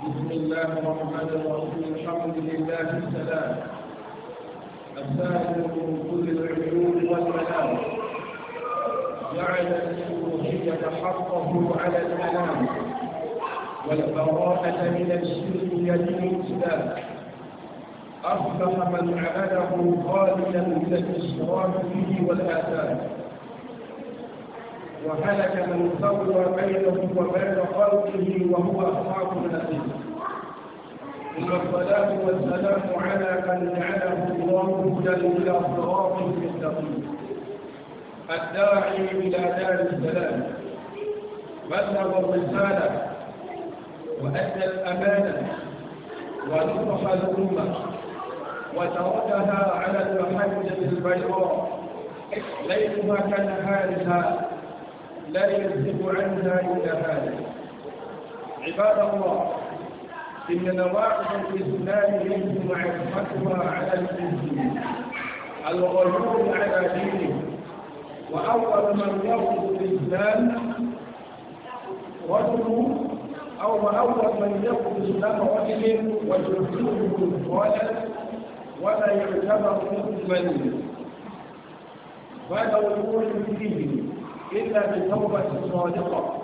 بسم الله الرحمن الرحيم الحمد لله السلام السائل من كل العيون والمنام جعل الالوهية حقه على المنام والبراءة من الشرك يدين الإسلام أصبح من عمله خالدا من الإشراك به والآثام وهلك من سوى بينه وبين خلقه وهو أصحاب النبي ثم الصلاة والسلام على من جعله الله هدى إلى صراط مستقيم الداعي إلى دار السلام بلغ الرسالة وأدى الأمانة ونصح الأمة وتركها على المحجة البيضاء ليلها كنهارها لا يذهب عنها إلا هذا عباد الله إن نواقض الإسلام يجب معرفتها على المسلمين الغلول على دينه وأول من يرفض الإسلام رجل أو أول من يرفض الإسلام رجل ويرفضه كفارا ولا يعتبر مؤمنا فهذا وقوع فيه إلا بتوبة صادقة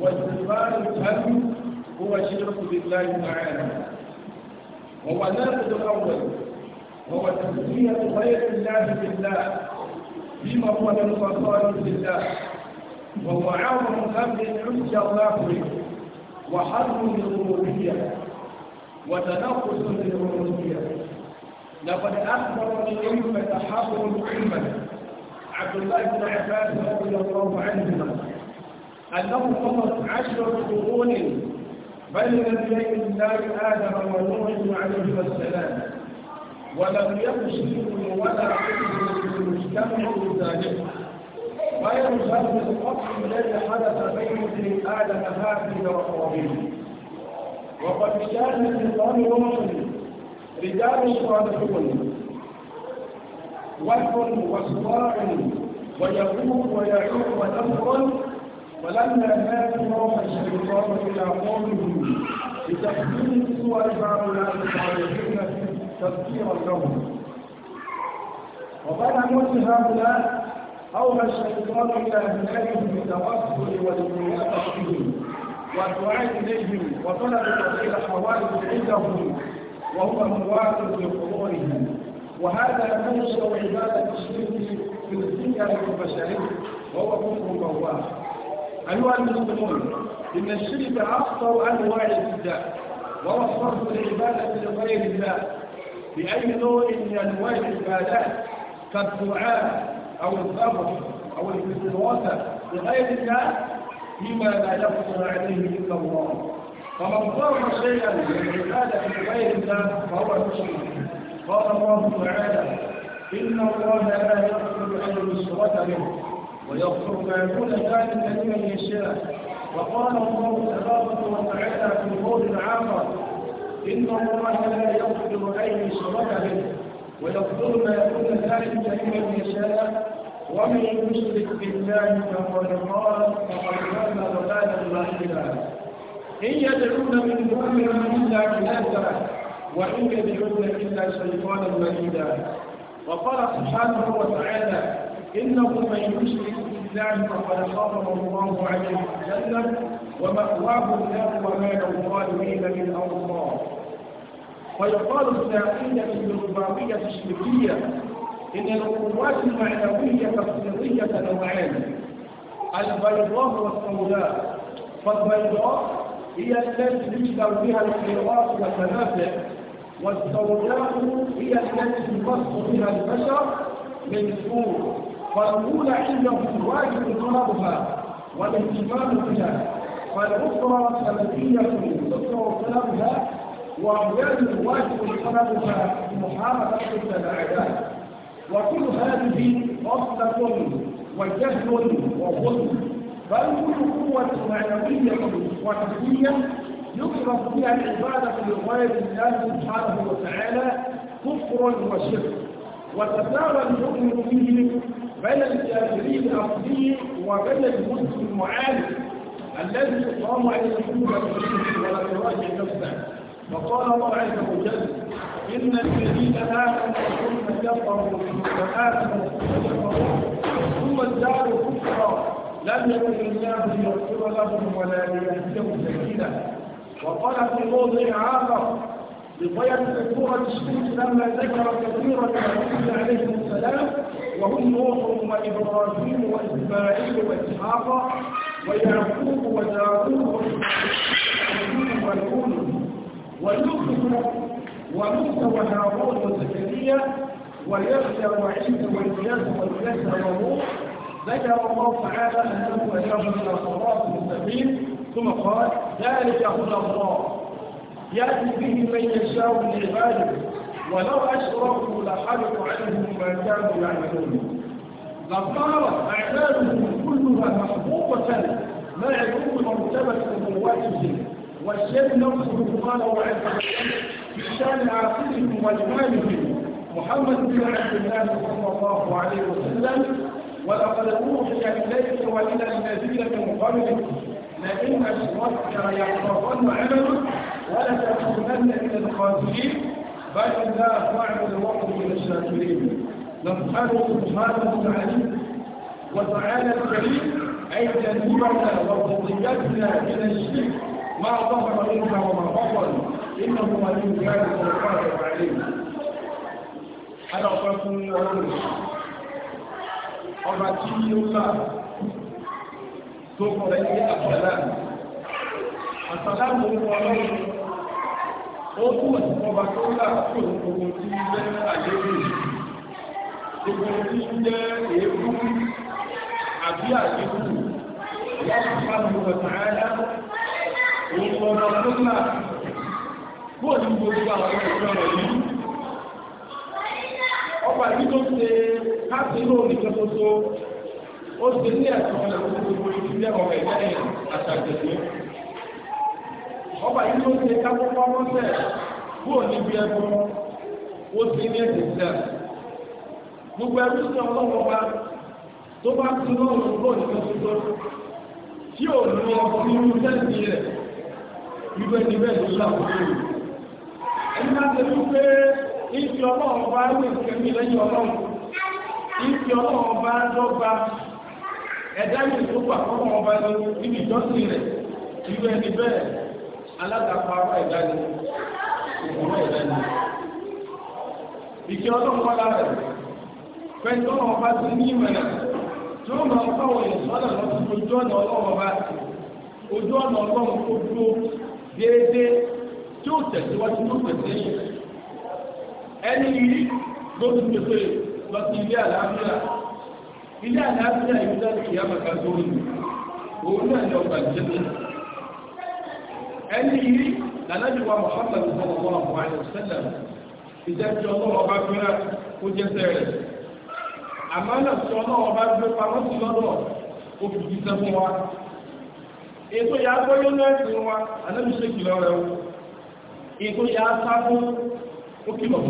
واستغفار الهم هو الشرك بالله تعالى وهو الناقض الأول وهو تسمية غير الله بالله فيما هو من خصائص الله وهو عظم أمر عزي الله به وحرم للربوبية وتنقص للربوبية لقد أخبر العلم تحرم علما عبد الله بن عباس رضي الله عنهما أنه مضت عشرة قرون بين يدي الله آدم ونوح عليهما السلام ولم يقصدوا ولا حكم في المجتمع ذلك غير ذلك القتل الذي حدث بين ابن آدم هذه وقربه وقد شاهد في ظهر رجال صالحون وهم وصواع ويقوم ويعوق ونفر فلما ماتوا روح الشيطان الى قومه لتحكيم سوى بعض الصالحين تذكيرا لهم وبعد موت هؤلاء أوحى الشيطان إلى أهلهم بالتوسل والمناقشة بهم والدعاء إليهم وطلب تغيير حوادث عندهم وهو مواطن لقبورهم وهذا منشأ عبادة الشرك في الدنيا والبشرية وهو كفر بواب أيها المسلمون إن الشرك أخطر أنواع الابتداء وهو صرف العبادة لغير الله بأي نوع من أنواع العبادات كالدعاء أو الذبح أو الاستغاثة لغير الله فيما لا يقصر عليه إلا الله فمن صرف شيئا من العبادة لغير الله فهو مشرك قال الله تعالى إن الله لا يغفر أن يشرك به ويغفر ما دون ذلك لمن يشاء وقال الله تبارك وتعالى في قول آخر إن الله لا يغفر أن يشرك به ويغفر ما دون ذلك لمن يشاء ومن يشرك بالله فقد قال فقد كان ضلالا بعيدا إن يدعون من دونه إلا كلابا وإن يدعون إلا شيطانا مريدا وقال سبحانه وتعالى إنه من يشرك بالله فقد خاطبه الله عليه وسلم ومأواه الله وما الظالمين من أنصار ويقال الساقين للرباعية الشركية إن القوات المعنوية التفسيرية نوعان البيضاء والسوداء فالبيضاء هي التي يجلو بها الخيرات والمنافع والسوداء هي التي يمص بها البشر من سوء فالأولى عندهم واجب طلبها والاهتمام بها فالأخرى سلبية يذكر طلبها وأولاد واجب طلبها محاربة الأعداء وكل هذه غفلة وجهل وظلم بل كل قوة معنوية وحسية يصرف بها العبادة لغير الله سبحانه وتعالى كفرا وشرك وتساوى الحكم به بين الكافرين الأصلي وبين المسلم المعالي الذي يقام عليه الحكم ولا يراجع نفسه وقال الله عز وجل إن الذين آمنوا ثم كفروا وآمنوا ثم كفروا ثم ازدادوا كفرا لم يكن الله ليغفر لهم ولا ليهديهم سبيلا وقال في موضع آخر لطيلة سورة الشمس لما ذكر كثيرا النبي عليه السلام وهم نوح وإبراهيم وإسماعيل وإسحاق ويعقوب وداود وإسماعيل ويونس ويوسف وموسى وهارون وزكريا ويحيى وعيسى والياس واليسع ونوح ذكر الله تعالى انه يجعل الى صراط مستقيم ثم قال ذلك هدى الله يأتي به من يشاء من عباده ولو أشركوا لحرق عنهم ما كانوا يعملون لصارت أعمالهم كلها محبوبة مع عموم مرتبة قوته والشيء نفسه قال وعز في شان عاقلهم وجمالهم محمد بن عبد الله صلى الله عليه وسلم ولقد أوحي إليك وإلى الذين من قبلك لئن توفر يحفظن عملك ولا تكونن من الخاسرين بل الله واعبد الوقت من الشاكرين نفخر سبحانه وتعالى وتعالى الكريم اي يجنبنا وقضيتنا من الشرك ما ظهر منها وما بطن إنه ولي ذلك القادر عليه أنا أقول لكم ọba tó kọ̀ rẹ̀ ní àṣàlámù àṣàlámù orúkọ ọlọ́run ó túmọ̀ sí ọba tó ń lára tó ń gbogbo tí ń jẹ́ àjẹ́bù gbogbo tí ń jẹ́ èébú àbí àjẹ́bù láti bá mi wọ̀ tààdá orúkọ ọba tó ń lára bóò ní gbogbo àwọn ọ̀rọ̀ yìí ọba yìí tó ṣe láti lóòrùn ìjọba tó ó ṣe ní ẹ̀sùn ọ̀nà gbogbo ìdílé ọmọ ẹ̀dá ẹ̀yàn àtàgbẹ̀dẹ̀. ọba yìí ló ṣe kápọ́pọ́ mọ́sẹ̀ kúrò níbi ẹbọ ó ṣe ní ẹ̀sìn sílẹ̀. gbogbo ẹbí sí ọlọ́wọ́ bá tó bá ti lọ́rùn lọ́ọ̀ nìkan tuntun tí ò ní ọkọ nínú sẹ́ẹ̀sì rẹ̀ irú ẹni bẹ́ẹ̀ ló láwùjọ rẹ̀. ẹni bá ṣe wípé ìfi ọlọ́run bá ní ìkẹ́mi lẹ́yìn ọlọ́run ìfi ọlọ́run bá dọ́gba ẹ̀dá yìí tó wà fọ́mọ ọba lọ níbi ìjọsìn rẹ̀ irú ẹni bẹ́ẹ̀ alágbàpá ọba ẹ̀dá ni òkúrò ẹ̀dá ni. ìkẹ́ ọlọ́run wọ́n lára rẹ̀ pẹ̀lú ọmọ ọba ti ní ìmọ̀nà tí ó máa bá wọn ìsọ́nà lọ sí ojú ọ̀nà ọlọ́run ọba ojú ọ̀nà ọlọ́run tó dúró déédéé tí ó tẹ̀síwájú tó pèsè ẹni yìí ló ti pèsè lọ sí ilé àlàáfíà ilé àlàáfíà ìlú láti àmàkà tó rí òun náà ni ọgbà jẹ́lẹ̀ ẹni yìí lànàjúwà Muhammad sọ́lọ́wọ́ àwọn àìsẹ́lẹ̀ ìjẹ́jọ́ ọlọ́wọ́ bá gbéra ó jẹ́sẹ̀ rẹ̀ àmánà tí ọlọ́wọ́ bá gbé pamọ́ sí lọ́dọ̀ ó fi jíṣẹ́ fún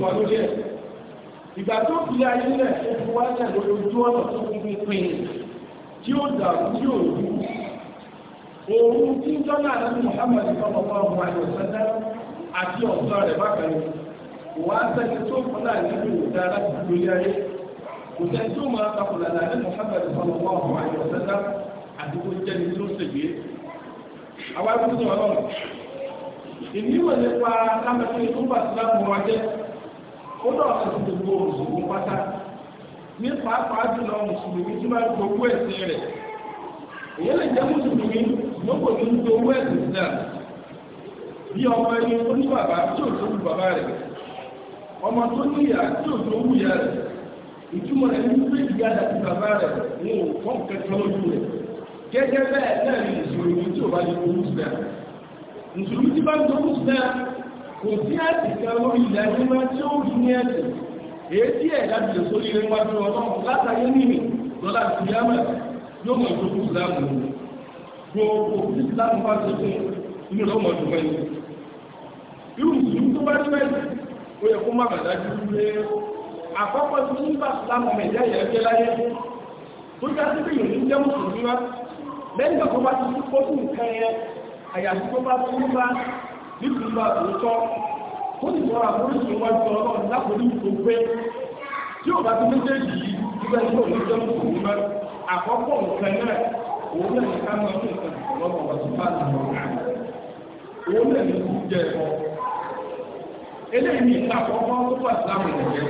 wa ìgbà tó fi ayé rẹ̀ ṣe fún wá ní àjọ ojú ọ̀nà tó fi fi pin tí ó dàrú tí ó rú òun tí jọ́nà àti Muhammad ọmọkọ ọmọ àjọ sẹ́dá àti ọ̀dọ́ rẹ̀ bákan wà á sẹ́ni tó kọ́lá nínú ìdá láti lórí ayé kò sẹ́ni tó máa ọmọ àti tó ṣègbè àwọn ọlọ́run nípa tó bá ti ó dọ̀rọ̀ sí gbogbo mùsùlùmí pátá ní pàápàá jùlọ mùsùlùmí tí máa ń gbogbo ẹ̀sìn rẹ̀ èyí lè jẹ́ mùsùlùmí lóko ní gbogbo ẹ̀sìn náà bí ọmọ ẹni oní bàbá tí ò tó wù bàbá rẹ̀ ọmọ tó ní ìyá tí ò tó wù ìyá rẹ̀ ìtumọ̀ rẹ̀ ní pé ìyá bàbá rẹ̀ ní lójú rẹ̀ kò sí àtìkà lórí ilẹ̀ nígbà tí ó rí ní ẹ̀sìn èédí ẹ̀ láti lè sórí ilé wájú ọlọ́run látàrí nínú lọ́la ti yámà yóò mọ̀ tó kú láàmù gbogbo ìsìláàmù bá ti fún inú lọ́mọ tó mẹ́rin irú ìlú tó bá tẹ́ ó yẹ kó má bàdá jù lé àkọ́kọ́ tí ń bá ìsìláàmù mẹ́jẹ́ yẹ kẹ́ láyé tó já sí pé ìrìn jẹ́ mùsùlùmí wá lẹ́yìn tó bá ti fún nǹkan nítorí bá tòótọ́ ó sì wọ́n àforíṣi wájú ọlọ́run lápòrí tó tí ò bá ti méjèèjì yìí ibẹ̀ tí òun jẹ́ mú òun mẹ́ àkọ́kọ́ nǹkan náà òun lè ní ká máa fún wọ́n ti bá ti mọ̀ òun lè kú jẹ́ ẹ̀kọ́ eléyìí ní àkọ́kọ́ tó pàṣẹ láwọn ènìyàn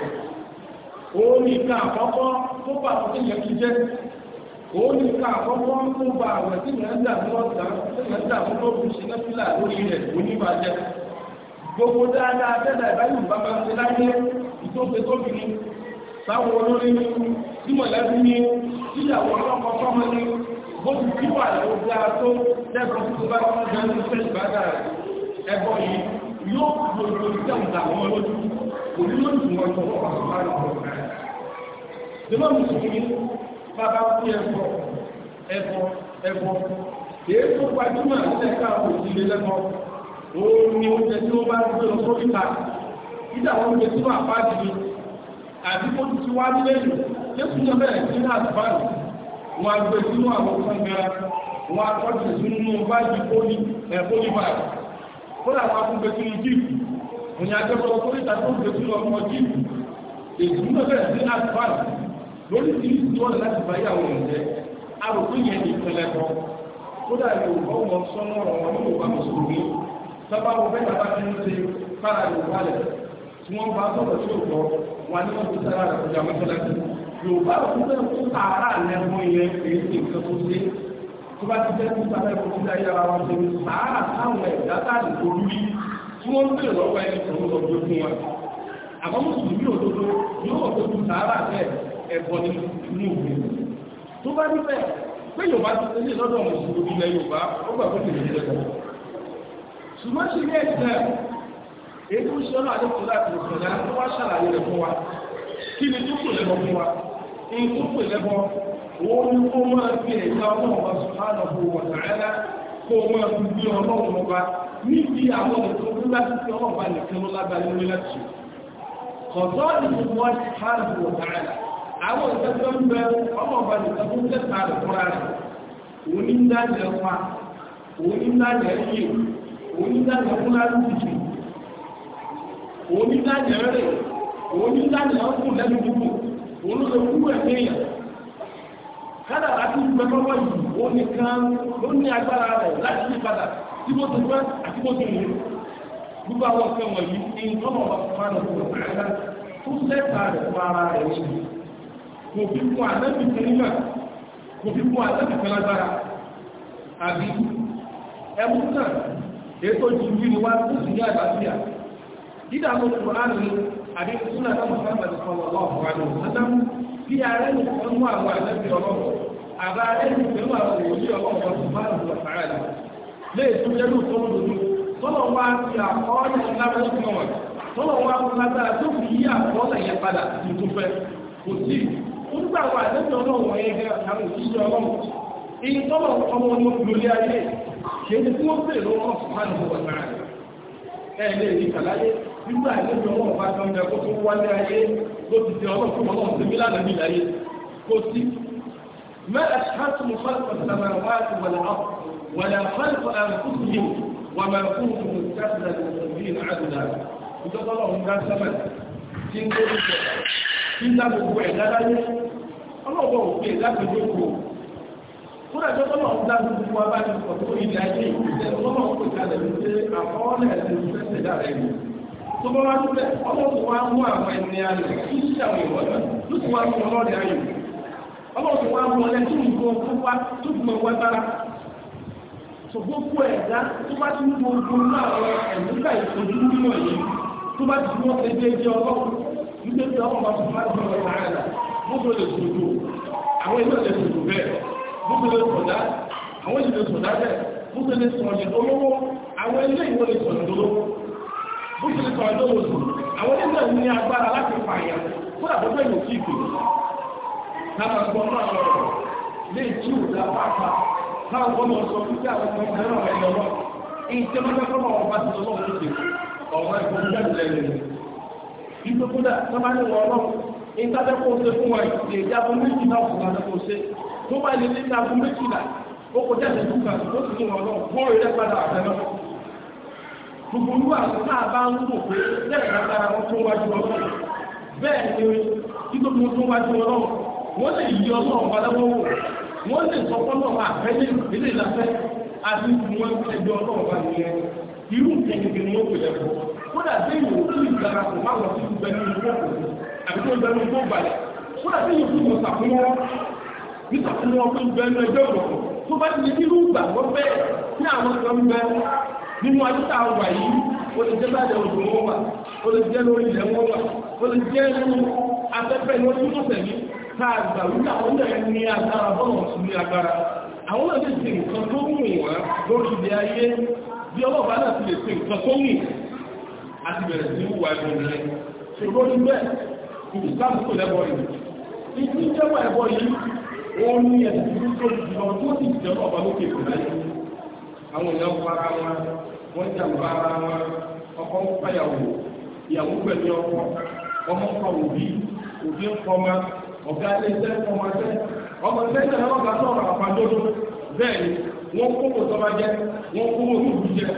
òun ní ìka àkọ́kọ́ tó pàṣẹ òun ní ká àkọ́kọ́ tó ba àwẹ̀ tí yẹn ń dà ní ọ̀sà tí yẹn ń dà fún lóbi ṣe lẹ́fílà lórí rẹ̀ oníbàjẹ́ gbogbo dáadáa tẹ́lẹ̀ ìbáyìí bàbá ṣe láyé ìtòkè tóbi ni sáwọn olórí ni tí mọ̀lẹ́bí ni tíyàwó ọlọ́kọ̀ fọ́mọ ni bó ti kí wà lóògbé àtó lẹ́kọ̀ọ́ tó bá wọn jẹ́ ní fẹ́ ìbádà ẹ̀bọ yìí yóò gbogbo ìjẹun àwọn olójú òní ló ń tún wọn tó wọ́n wà lọ́wọ́ bàbá kú ẹ̀fọ́ ẹ̀fọ́ ẹ̀fọ́ èyí tó gbajúmọ̀ lẹ́ka òsìlè lẹ́kọ́ òun ni oúnjẹ tí ó bá ń gbé lọ sórí ta ìdá wọn gbé sínú àpá àdìgbò àti kó ti ti wá nílé yìí lẹ́kùn tó bẹ̀rẹ̀ sí náà tó báyìí wọn gbé sínú àwọn kọ̀ǹgàrà wọn akọ́jú sínú báyìí pólí ẹ̀fọ́lì báyìí kódà wọn akọ́ gbé sínú jíìpù òun ni akẹ́kọ̀ọ́ sórí ta tó gbé sínú ọmọ jíìpù èyí tó bẹ̀rẹ̀ sí náà tó báyìí lórí ti ń tọ́ láti bá yàwó rẹ̀ jẹ́ arùkú yẹn ní ìpínlẹ̀ kan kódà yorùbá ọmọ sọ́nà ọ̀rọ̀ wọn ní yorùbá mùsùlùmí sábà wọn bẹ́ẹ̀ bá ti ń ṣe fara yorùbá rẹ̀ tí wọ́n bá sọ̀rọ̀ sí òkọ wọn ní wọ́n ti sára rẹ̀ kọjá mọ́tọ́lẹ́sì yorùbá òkú bẹ́ẹ̀ kó sàárà lẹ́gbọ́n yẹn kì í ṣe nǹkan tó ṣe tó bá ti fẹ́ẹ́ nípa ẹ̀kọ́ tí ayé ara wọn ṣe sàárà táwọn ẹ̀dá táàdì tó rí tí wọ́n ń bèrè lọ́wọ́ ẹni tó ń lọ gbé fún wọn àmọ́ mùsùlùmí òdodo yóò tó tún sàárà bẹ́ẹ̀ ẹ̀bọ ní inú òfin tó bá níbẹ̀ pé yorùbá ti tẹ́lẹ̀ lọ́dọ̀ mùsùlùmí ilẹ̀ yorùbá ó gbà fún ìrìn ìjẹta ṣùgbọ́n ṣe ní ẹ̀sẹ̀ èyí tó ṣe ọ̀nà àdékùn láti ìṣẹ̀lẹ̀ tó wá ṣàlàyé rẹ̀ fún wa kí ni tó kò lẹ́bọ fún wa in tó kò lẹ́bọ òun ni kó máa fi ẹ̀yà ọlọ́run wa sùpánà bò wọ̀ tààlà kó máa fi gbé ọlọ́run ọba níbi àwọn ìtẹ́tọ́ ń bẹ ọmọ ọba nìkan tó ń tẹ̀sà rẹ̀ fúnra rẹ̀ òun ní dájẹ́ fa òun ní dájẹ́ yìí òun ní dájẹ́ fúnra lùdìjì òun ní dájẹ́ rẹ̀ òun ní dájẹ́ ọkùn lẹ́nu dúdú òun ló lè kú ẹ̀mí yẹn kádà láti gbẹ lọ́wọ́ yìí ó nìkan ló ní agbára rẹ̀ láti yí padà tí mo ti fẹ́ àti mo ti lè gbogbo àwọn ọ̀sẹ̀ wọ̀nyí ní tọ́mọ̀ ọ̀sán máa ń lọ rẹ̀ fún rẹ̀ yìí kò fi kún àtẹ́bì kan nígbà kò fi kún àtẹ́bì kan lágbára àbí ẹmú náà ètò jù nínú wá tó sì ní àbáfíà dídà mọ́ tó á ní àbí súnà náà mọ̀fẹ́ pẹ̀lú ọmọ ọlọ́ọ̀fọ́ àdó ọ̀sán bí ààrẹ ní fẹ́ mú àwọn àtẹ́bì ọlọ́ọ̀fọ́ àbá ààrẹ ní fẹ́ mú àwọn òwòlé ọlọ́ọ̀fọ́ tó bá rùn lọ́fàárà lọ lè tó jẹ́ lù tó ń lòdù tọ́lọ̀ wá ti àkọọ́lẹ̀ lábẹ́ tọ́lọ̀ wá fi yí àkọọ́lẹ̀ yẹn padà tuntun kò sí nígbà wà lẹ́bí ọlọ́run ẹ̀yẹ gẹ́ àwọn òṣìṣẹ́ ọlọ́run iye tọ́lọ̀ ọmọ ọmọ lórí ayé ṣe ní tí wọ́n bèèrè lọ́wọ́ sùpánù wọn náà ẹ̀ lè rí kàláyé nígbà lẹ́bí ọlọ́run bá tán jẹ kó tó wálé ayé ló ti di ọlọ́run fún ọlọ́run tẹ̀mí lánàá ní ayé kó sí mẹ́ta ṣáàtù mú dá sẹ́mẹ̀ tí ń ọlọ́wọ́ òfin láti lóko fúnra tó tọ́lọ̀ ń dáhùn fún wa báyìí pọ̀ tó ìdí ayé ìṣẹ́ tọ́lọ̀ ń àkọọ́lẹ̀ ẹ̀sìn dára tó bá wá wa mú àwọn ẹni alẹ̀ kí ti wá ayò wa mú ọlẹ́ tó ń gbọ́ fún wa tó gbọ́ wá mọ́tò lè sòdò àwọn ìlú lè sòdò bẹ́ẹ̀ mọ́tò lè sọ̀dá àwọn ìlú lè sọ̀dá bẹ́ẹ̀ mọ́tò lè sọ̀dọ̀ olówó àwọn ilé ìwọ lè sọ̀dọ̀ olówó mọ́tò lè sọ̀dọ̀ olówó àwọn ilé náà ní agbára láti pààyà fún àbọ̀bẹ̀ yóò kí ìgbè lára gbọ́n náà lọ́rọ̀ lè tí ò dá pápá náà wọ́n mọ̀ sọ fún kí àwọn ọmọ ìdáná rẹ̀ lọ lọ ìjọba tó máa wọ́n bá ti lọ́wọ́ lóde ọ̀rọ̀ ẹ̀kọ́ jáde lẹ́nu ìgbókúdà ìtàfẹ́ kó ṣe fún wọn lè dí aago méjì náà fún wọn kó ṣe tó bá lè dí aago méjì náà ó kó jáde fún kan ó sì wọn lọ fún òye lẹ́gbàdà àfẹ́ náà gbogbo olú àwọn náà bá ń lò pé bẹ́ẹ̀ lágbára wọn tó wájú ọlọ́run bẹ́ẹ̀ ni títóbi wọn tó wájú ọlọ́run wọ́n lè yí ọlọ́run balẹ́wọ́ wò wọ́n lè sọ fọ́nà àfẹ́ ní ilé ìlàfẹ́ àti ìwọ̀n ẹgbẹ́ ọlọ́run bá nìyẹn irú kẹ̀kẹ́ ni wọ́n kò yẹ kó kódà bí ìwòsàn ìgbàlá kò má lọ sí gbẹ̀mí ìwọ́n kò àbí tó bẹnu tó balẹ̀ fún àti yìí fún ìsàkúnyọ́ ìsàkúnyọ́ fún bẹnu ẹgbẹ́ òkùnkùn tó bá ti nínú ìgbàgbọ́ bẹ́ẹ̀ ní àwọn kan bẹ nínú àdúgbò àwà yìí ó lè jẹ́ bàjẹ́ òjò wọn wà ó lè jẹ́ lórí ilẹ̀ wọn wà ó lè jẹ́ nínú afẹ́fẹ́ ní ojú tó tẹ̀lé ká àgbà wí àwọn náà ní agbára bọ́ọ̀ sí ní agbára àwọn náà ti ṣe nǹkan tó wù wọ́n lórí ilẹ̀ ayé bí ọlọ́ọ̀bá náà ti lè ṣe nǹkan tó wù àti bẹ̀rẹ̀ sí wù wá ìgbìmọ̀ rẹ̀ ṣùgbọ́n ìsìláàmù tó lẹ́bọ̀ yìí ìdí jẹ́mọ̀ ẹ̀bọ̀ yìí wọ́n ní ẹ̀sìn tó ti lọ tó ti jẹ́mọ̀ ọba lókè kò láyé àwọn èèyàn para wọn wọ́n jàmbá ara wọn ọkọ ń fàyàwó ìyàwó pẹ̀lú ọkọ ọmọ ń fa òbí òbí ń fọmọ ọ̀gá ẹlẹ́sẹ̀ fọmọ ẹsẹ̀ ọmọ ẹlẹ́sẹ̀ náà wọ́n bá sọ̀rọ̀ àpàdódó bẹ́ẹ̀ ni wọ́n kó kò tọ́ba jẹ́ wọ́n kó kò tó jẹ́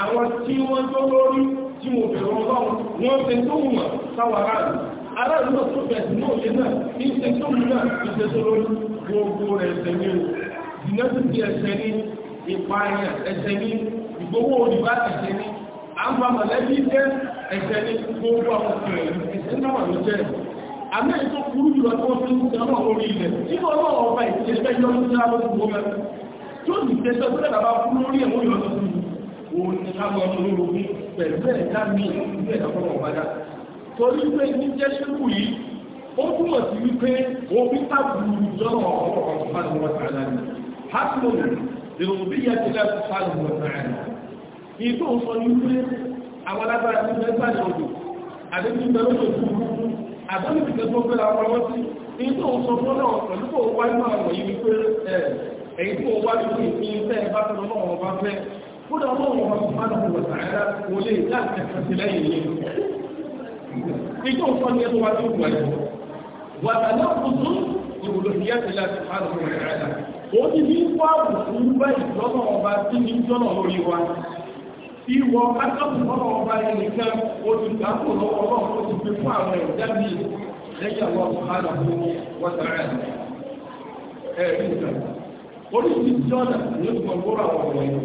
àwọn tí wọ́n tó lórí tí mo bẹ̀rù ọlọ́run wọ́n ti tó wùmọ̀ sáwọn aráàlú aráàlú náà tó bẹ̀ẹ̀ sínú òye náà ní ṣe tó mú náà ní ṣe tó lórí gbogbo rẹ̀ ẹ̀sẹ̀ ní o ìdíná tó ti ẹ̀sẹ̀ ní ìpààyàn ẹ̀sẹ̀ ní ìgbowó òdìbá ẹ̀sẹ̀ ní àwọn mọ̀lẹ́bí jẹ́ ẹ̀sẹ̀ ní gbogbo àwọn ọ̀sẹ̀ ẹ̀sẹ̀ náà ló jẹ́ àmì ètò burú jùlọ tó fi ń sọ náà orí ilẹ̀ tí wọ́n náà ọba ìṣẹ́fẹ́ yọ ní sáà ló gbogbo mẹ́ tí ó sì ṣe sọ pé fún lórí ẹ̀wọ̀n yọ òun ni ká lọ sí olórogún pẹ̀lú ẹ̀dá torí pé ní jẹ́ ṣíkù yìí ó túmọ̀ sí wípé omi tábùlù lọ́rọ̀ ọ̀rọ̀ ọ̀sán wọ̀tàlá ni hasmoni ìròbí yẹ ti lẹ́kọ̀ọ́ sáré wọ̀tàlá ni ìtò sọ ní pé àwọn alágbára ti mẹ́ta ní odò àdébí mẹ́rin tó kú àdébí ti kẹ́kọ̀ọ́ pé àwọn ọmọ sí ìtò sọ fún náà pẹ̀lú kò wá nínú àwọn yìí wípé èyí tó wá nínú ìpín ìjọ nǹkan ní ẹgbẹ́ wa tó wù ẹ̀jọ́ wà tàbí kùtù ìwòlò ìyẹ́sẹ̀ láti fàánù fún ìrẹ́lá ó ti ní wá òkú bá ìjọ́nà ọba tí ní jọ́nà lórí wa ìwọ akábùkọ́nà ọba ẹnìkan ó ti gbà kó lọ́wọ́ ọlọ́run ó ti fi fún àwọn ẹ̀dá mi lẹ́yìn àwọn ọ̀hánà fún wọ́tàrà ẹ̀rí nǹkan oríṣi jọ́nà ní ìgbọ̀ngbọ́rọ̀ àwọn ọ̀rọ̀ yìí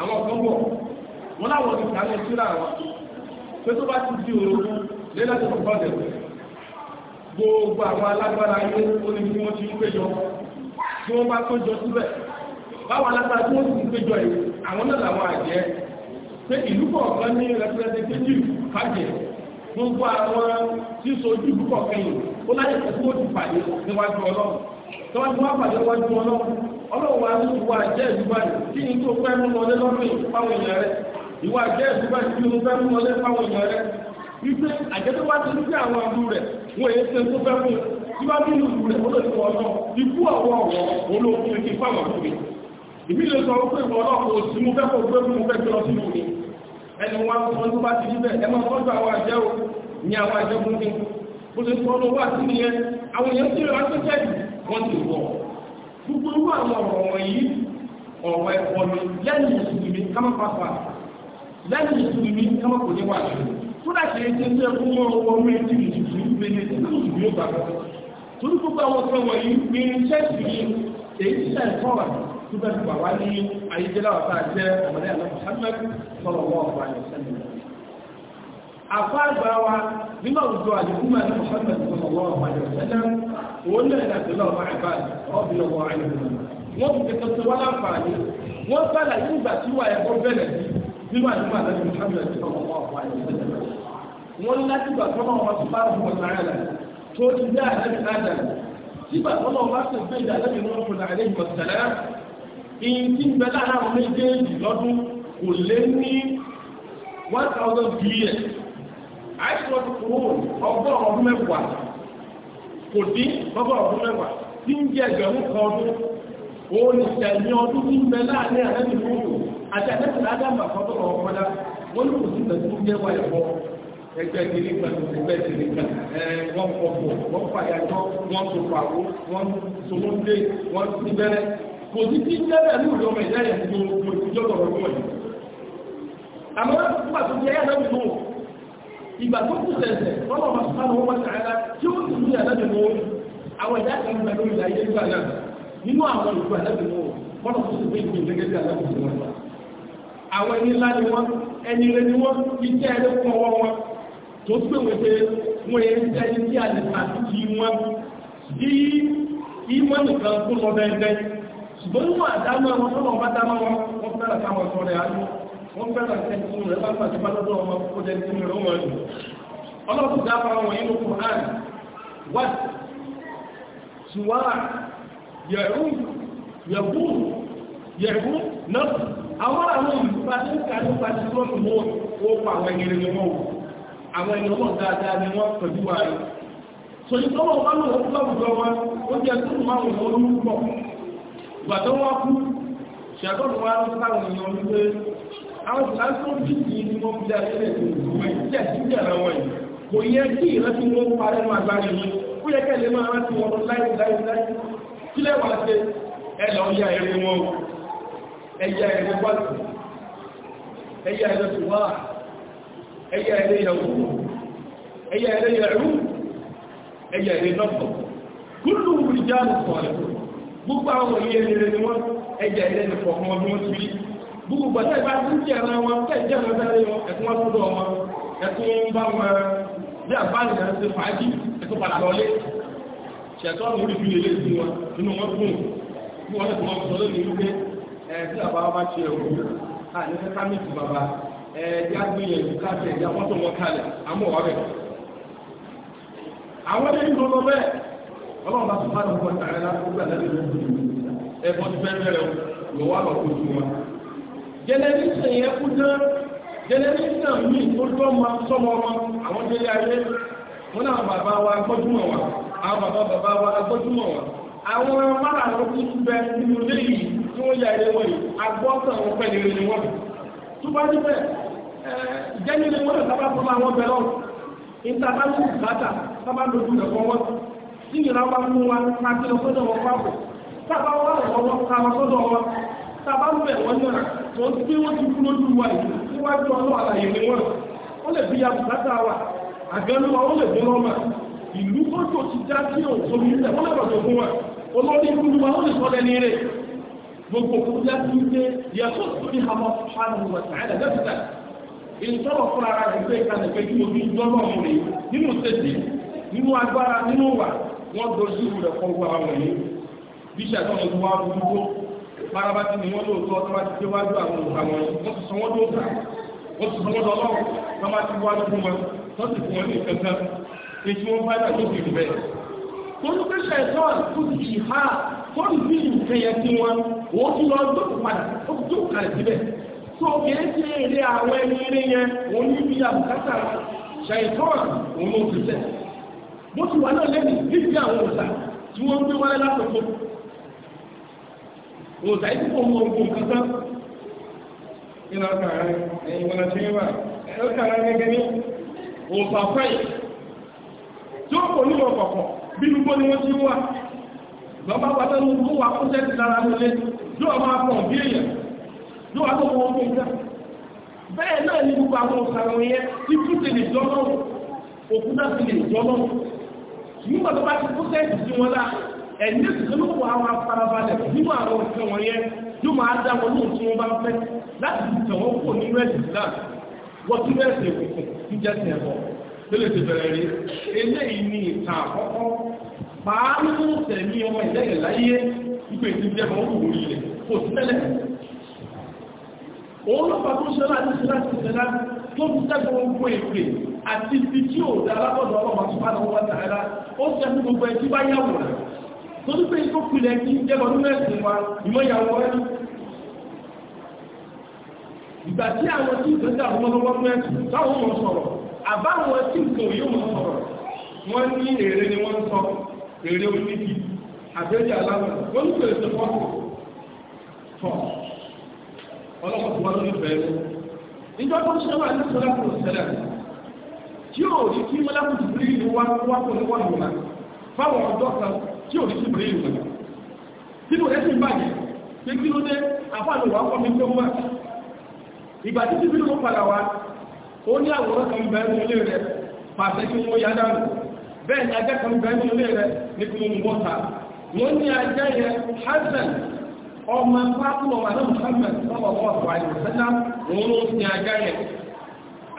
àwọn kan bọ̀ wọ́n láwọn ti pé tó bá ti di òògùn lẹ́lá tó kọ́ bọ́ọ̀dẹ̀ gbogbo àwọn alágbára ayé ó ní kí wọ́n ti ń péjọ tí wọ́n bá péjọ síbẹ̀ báwọn alágbára tí wọ́n ti ń péjọ yìí àwọn náà làwọn àjẹ́ pé ìlú kọ̀ọ̀kan ní representative kájẹ̀ gbogbo àwọn tí sojú ìlú kọ̀ọ̀kan yìí ó láyé pẹ̀lú ó ti pàdé níwájú ọlọ́run tó wá ti wá pàdé níwájú ọlọ́run ọlọ́run wa ní ìwà àjẹ́ ìlú báyìí kí tó fẹ́ mú lọ lé lọ́dún yìí rẹ̀ ìwà jẹ́ ìdúgbà tí mo fẹ́ fún ọlẹ́ fáwọn èèyàn rẹ̀ wípé àjẹ́tọ́ bá ti rí àwọn abu rẹ̀ wọ́n èyí ṣe tó fẹ́ fún ìwà nínú ìlú rẹ̀ ó lè fọ ọ̀nà ikú ọ̀wọ́ ọ̀wọ́ olóògùn ní fáwọn àbúrò mi ìbí lè sọ pé ìwọ náà kò sí mo fẹ́ kó gbé fún mo fẹ́ gbé lọ sínú mi ẹni wọn kọ́ tó bá ti rí bẹ́ẹ̀ ẹ máa tọ́jú àwọn àjẹ́ o ní àwọn àjẹ́ fún mi ó lè fọ́ lọ́wọ́ àti nìyẹn àwọn èèyàn tí wọ́n ti jẹ́ wọ́n ti wọ̀ gbogbo irú àwọn ọ̀rọ̀ wọ̀nyí ọ̀rọ̀ ẹ̀kọ́ mi lẹ́nu ìsinmi ní kọ́mọ̀ kò ní wà lẹ́nu fúnà ṣe é ṣe ń tẹ́ fún ọwọ́ orí ẹtì ìṣìṣì ń gbélé nínú ìlú yóò bàbá torí gbogbo àwọn ọ̀sán wọ̀nyí ní ṣẹ́ẹ̀sì yìí èyí ti ṣe ẹ̀kọ́ wà tó bẹ́ẹ̀ ti wà wá ní ayédèlá ọ̀tá jẹ́ ọ̀mọdé àlọ́ Muhammad sọ̀rọ̀ wọ́n ọ̀pọ̀ àyè sẹ́nu afa agba wa nínú àwùjọ àdìgúnmọ̀ ní Muhammad sọ̀rọ̀ wọ́n ọ̀pọ̀ àyè sẹ́nu òun náà ní àtẹlẹ́ ọ̀pọ̀ àgbà ọ̀bí ọ̀pọ̀ àyè sẹ́nu wọ́n fi kẹsẹ̀ wọ́n láǹfààní wọ́n sálà nígbà tí wà ẹ̀kọ́ bẹ̀rẹ̀ sí nígbà tí wọ́n àtàkùn sábà ti fọwọ́ wọ́n wà ní ìṣẹ̀lẹ̀ wọn láti gbà tọ́lọ́ wọn ti bá wọn náà rẹ̀ tó ti dá àlẹ́bí náà sígbà tọ́lọ́ wọn ti gbé ìdá àlẹ́bí náà fún àlẹ́bí ọ̀sẹ̀lẹ̀ ìyìn tí ń bẹ lára àwọn méjèèjì lọ́dún kò lé ní one thousand billion àìsàn kúrò ọgbọ́n ọdún mẹ́wàá kò dín ọgbọ́n ọdún mẹ́wàá tí ń jẹ ẹgbẹ̀rún kan ọdún òun ìṣẹ̀lẹ̀ ọdún tí ń bẹ láàrin àlẹ́bí náà àti àtẹ́sí ádámù àkọ́tọ̀ lọ́wọ́ kọ́dá wọ́n ní kò sí ìgbà tó jẹ́ wà ẹ̀kọ́ ẹgbẹ́ kiri kan ẹgbẹ́ kiri kan ẹ wọ́n kọ̀ọ̀kọ̀ wọ́n fàyàjọ́ wọ́n tó pàwó wọ́n sọmọ́ dé wọ́n ti bẹ̀rẹ̀ kò sí kí jẹ́rẹ̀ ní ìlú ọmọ ìyá yẹn tó kò sí jọ́ lọ́rọ̀ lọ́wọ́ yìí àmọ́ nígbà tó jẹ́ yàrá mi ìgbà tó kù sẹ̀sẹ̀ lọ́wọ́ ọmọ sọ́kànù wọn wọ́n sàrẹ́lá tí ó sì ní yàrá mi mú àwọn ìyá kan gbà lórí ayé nígbà náà nínú àwọn ìlú àlẹ́ mi mú wọn kọ́nà tó sì gbé ìgbé gẹ́gẹ́ bí àlẹ́ mi mú wọn àwọn ẹni ńlá ni wọ́n ẹni rẹ̀ ni wọ́n iṣẹ́ ẹni fún ọwọ́ wọn tó gbé wète wọ́n yẹ iṣẹ́ ẹni tí a lè pàtàkì wọn bí ìwọ́n nìkan tó lọ bẹ́ẹ̀ ṣùgbọ́n wọn àdámọ́ wọn tó lọ bá dámọ́ wọn wọ́n fẹ́ràn káwọn sọ rẹ̀ àánú wọ́n fẹ́ràn sẹ́kùn rẹ̀ bá pàtàkì bá lọ́dọ̀ wọn kó jẹ́ sí rẹ̀ wọn lò ọlọ́run dáfà wọn inú Qur'an wà ṣùwárà yẹ̀rù yẹ̀bù yẹ̀bù náà àwọn àwọn olùkúpa tó ń kàrí pa ti rọ́ọ̀nù mọ́ ó pa àwọn ẹni rẹ̀ mọ́ àwọn ẹni ọmọ dáadáa ni wọ́n pẹ̀lú wa rẹ̀ sọ̀yí tọ́wọ́ wọn lò ó lọ́wọ́ wọn ó jẹ́ tó máa wọ̀ wọn ní pọ̀ ìgbà tó wọ́n kú ṣàtọ́nù wa ń sáwọn èèyàn wípé àwọn ìlànà tó ń jìjì ni wọ́n fi dá sílẹ̀ tó ìjẹ́ sílẹ̀ rẹ̀ wọ̀nyí kò yẹ kí ìrántí wọn ń parẹ́ máa gbáre yìí ó yẹ kẹ́lẹ́ máa rántí wọn láìláìláì kílẹ̀ wà ṣe ẹ̀ lọ́ọ́ yá eré wọn ẹ̀yà ẹ̀rọ pàtó ẹ̀yà ẹ̀rọ tùwà ẹ̀yà ẹ̀rọ yàwó ẹ̀yà ẹ̀rọ yàrú ẹ̀yà ẹ̀rọ lọ́pọ̀ kúrò ìjánu sọ̀rọ̀ gbogbo àwọn ilé ẹ̀rẹ̀ ni wọ́n ẹ̀yà ẹ̀rẹ̀ nìkan ọmọdún ti rí gbogbo gbàtà ìbá tí ń jẹ́ ẹran wọn tẹ́ jẹ́ ẹran sáré wọn ẹ̀kún wọn tó dọ̀ wọn ẹ̀kún ń bá wọn bí àbáyé náà ti fàájì ẹ̀kún padà lọlé ṣẹ̀tọ́ àwọn olùfilé lè sí wọn nínú wọn fún wọn tó wọn sọ lónìí wípé ẹ tí bàbá wa bá ṣe ẹ̀wò à ní fẹ́ kámẹ́tì bàbá ẹ ẹ̀dí agbóyẹ̀wò káṣẹ̀ ẹ̀dí afọ́tò wọn kalẹ̀ àmọ́ wà bẹ̀. àwọn ẹni tó lọ bẹ́ẹ̀ ọlọ́run bá tún bá lọ fọ́ tààrẹ lágbógbà lẹ́yìn lóṣù ẹ̀fọ́ ti fẹ́ bẹ̀rẹ̀ lọ́wọ́ àbọ̀kọ̀ ju wọn. jẹnẹrẹsìn yẹn kú dán jẹnẹrẹsìn mi tó dán ma sọmọ ọmọ àwọn délé ayé wọn náà bàbá wa gbọ́dúmọ̀ wa àwọn bàbá bàbá wa gbọ́dúmọ̀ wa àwọn márààrún kú bẹ nínú léyìí tí wọ́n ya ilé wọ̀nyí agbọ́sàn wọn pẹ̀lú ìrìn wọn tó bá níbẹ̀ ìjẹ́ni ilé wọn sábà fún wọn bẹ̀rọ ìtàkàlù bàtà sábà lójú ẹ̀kọ́ wọn tí ìlà bá mú wa káàkiri wọn sábà wà lọ́wọ́ sọ́dọ̀ wọn sábà ń bẹ̀ wọ́n tó ń gbé wọn ti kú lójú wa níwájú wọn ó lè gbogbo kúrúdá tí ń pé yàtọ̀ sí àwọn ṣáàlù wàtàlẹ̀ lẹ́fẹ̀ẹ́ ìtọ́rọ̀ fún ara rẹ̀ pé ìkàlẹ̀ pé kí mo bí dọ́lọ́ mú rè nínú tẹ̀sí nínú agbára nínú wà wọ́n dojú rẹ̀ kọ́ gbọ́ àwọn yìí bí ṣàtọ́nà tó wá burú tó maraba ti ni wọ́n lóòótọ́ tó bá ti dé wájú àwọn òǹkàwọn yìí wọ́n ti sọ wọ́n tó kà wọ́n ti sọ wọ́n dọ́lọ́ tó bá ti wájú fún wọn tó ti fún wọn ní kankan èyí wọ́n bá dà tó fi rù bẹ́ẹ̀. olùkẹ́sẹ̀ tó ti jì ha tó ń bí ìfẹ́yẹ sí wọn wọ́n tún lọ gbọ́dọ̀ padà ó tó kalẹ̀ síbẹ̀ tó kìí ṣe èdè àwọn ẹni eré yẹn wọ́n ní bí àbùkátà ṣàìtọ́ọ̀n òun ló ti sẹ̀ bó ti wà náà lẹ́nu níbi àwọn òòsà tí wọ́n ń gbé wáyé látọ̀tọ̀ òòsà yìí kò mọ ogun nǹkan tán nínú ọkà rẹ ẹ̀yìn wọn ti ń wà ọkà rẹ gẹ́gẹ́ ní òòsà fẹ́yì tí ó kò ní ọkọ̀ọ̀kọ̀ bí gbogbo ni wọ́n ti ń wà lọ́ba wa tẹ́lú gbogbo wa kó sẹ́ẹ̀tì lára lólé yóò máa pọ̀ bí èèyàn yóò wá tó wọn ó gbẹ̀ngà bẹ́ẹ̀ náà ní gbogbo àwọn ọ̀sàrọ̀ yẹn tí kú ti lè jọ náà òkú náà ti lè jọ náà yóò wá tó bá ti kó sẹ́ẹ̀sì sí wọn lá ẹ̀yìn lè tó lóko àwọn afárabalẹ̀ nínú àwọn òfin wọn yẹn yóò máa dá wọn ní òtún wọn bá ń fẹ́ láti tẹ̀ wọ́n kò nínú ẹ̀sìn náà wọ́n tún bẹ́ẹ̀ sẹ̀ kùkù ti bẹ̀rẹ̀ rí eléyìí ìgbè tí jẹ́ mọ́ òun ilẹ̀ kò tẹ́lẹ̀ òun lọ́pàá tó ṣe láti ṣe láti ṣe láti tó fi sẹ́gun gbogbo èpè àti ibi tí ò dá alábọ̀dọ̀ ọlọ́pàá tó bá lọ́wọ́ wáta ẹ̀rá ó sẹ́gun gbogbo ẹ̀ tí bá yàwó rẹ̀ tó ní pé ikú pilẹ̀ kí jẹ́ ọdún mẹ́sìn wa ìmọ̀ ìyàwó rẹ̀ ìgbà tí àwọn tí ìgbésẹ̀ àwọn ọmọlọ́wọ́ mẹ́sìn táwọn mọ̀ sọ̀rọ̀ àbáwọn tí ìgbò yóò mọ̀ sọ̀rọ̀ wọ́n ní àbẹ́jẹ́ aláwọ̀ ó ń pèsè pọ́pù tọ̀ ọlọ́pàá tó wá lórí bẹ̀rẹ̀ níjọ tó ṣe wà ní sọlá kò ṣẹlẹ̀ tí ò ní kí mọ́lákù tìbírí ni wá wá kò ní wọ́n lòlá fáwọn ọjọ́ kan tí ò ní tìbírí lòlá nínú rẹ̀ sì bàjẹ́ pé kí ló dé àfàlù wà kọ́ mi tó wá ìgbà tí tìbírí ló padà wá ó ní àwòrán kan bẹ̀rẹ̀ nílé rẹ̀ pàṣẹ kí wọ́n yá dànù bẹ́ẹ̀ ni ajá kan bẹ̀rẹ̀ nílé rẹ̀ ní kí wọ́n mú bọ́ta wọ́n ní ajá yẹ Hassan ọmọ fáfúnmọ̀ wà náà Muhammad sọ́wọ́ ọ̀pọ̀ àìsànlá òun ló ní ajá yẹ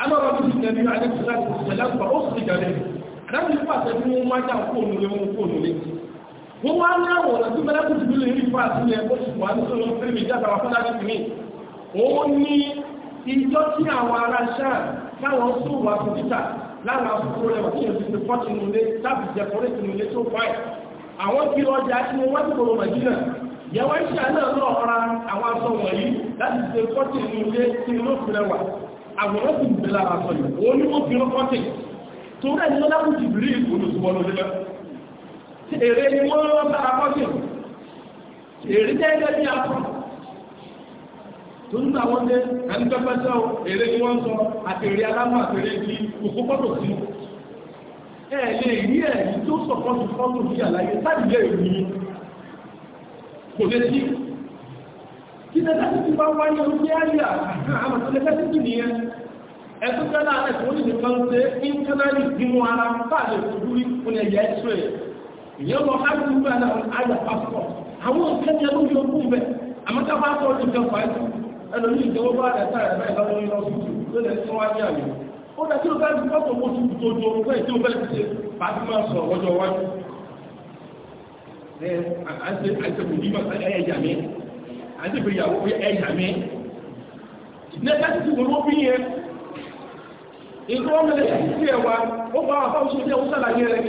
alọ́rọ̀ bí ìtẹ̀lú alẹ́kùnlẹ́kùnlẹ́kùn ó sì gàlẹ́ adájú pàṣẹ fún wọn máa dá fóònù lé wọn fóònù lé wọ́n wá ní àwọn ọ̀nà tí mẹ́lẹ́kùn ti bílẹ̀ ní ìfà sílẹ̀ ó sì wà ní sọ́rọ̀ fẹ́mi jáde àwọn fọ́nà láti mi wọ́n ní ìjọ tí àwọn ará ṣáà láwọn sóòwà kòtítà láwọn àkókò rẹ̀ wà àwọn kí ọjà tí wọ́n ti kòrò màjínà yẹwọ́ iṣẹ́ náà lọ ọ̀rá àwọn aṣọ wọ̀nyí láti ṣe kọ́tì ní ilé tí inú fìrẹ wà àwòrán sì gbé lára aṣọ yìí òun ni ó fi rán kọ́tì tó rẹ̀ ní lọ́lábù ti bìrí olùsùnmọ́ lórí lọ èrè ni wọ́n rán sára kọ́tì èrè jẹ́ ẹgbẹ́ bí aṣọ tó ń gbà wọ́n dé ẹni pẹ́pẹ́ sọ èrè ni wọ́n sọ àtèrè alámọ̀ àtèrè ti ẹ lè rí ẹ̀rí tó sọ̀kọ́ tó fọ́tò sí àlàyé láti lè rí kò lè sí. kí lẹ́tà tí ti bá wáyé orí àyà àwọn ọ̀sẹ̀lẹ́fẹ́ sí kì nìyẹn ẹ̀tún tẹ́lá ẹ̀kọ́ ní nìkan ṣe íńtánẹ́lì nínú ara fáàlẹ̀ òṣèlú fún ẹ̀yà ẹ̀ṣọ́ ẹ̀ ìyẹn lọ ájú nígbà náà àyà pásítọ̀ àwọn òṣèlú yẹn ló yọ ó dá kí ló fẹ́ fi mọ́tò owó tó tó tó fẹ́ tí ó fẹ́ ti ṣe pàtí máa sọ ọjọ́ wájú ẹ àìsèkò ní ma ẹ̀yà mi àìsèkò ìyàwó ẹ̀yà mi ìdílé láti ti wọ́n bí yẹn ìgbọ́ mẹ́lẹ̀ sí ẹwà ó bá àbá òṣèlú ẹ̀wọ́ sàlàyé rẹ̀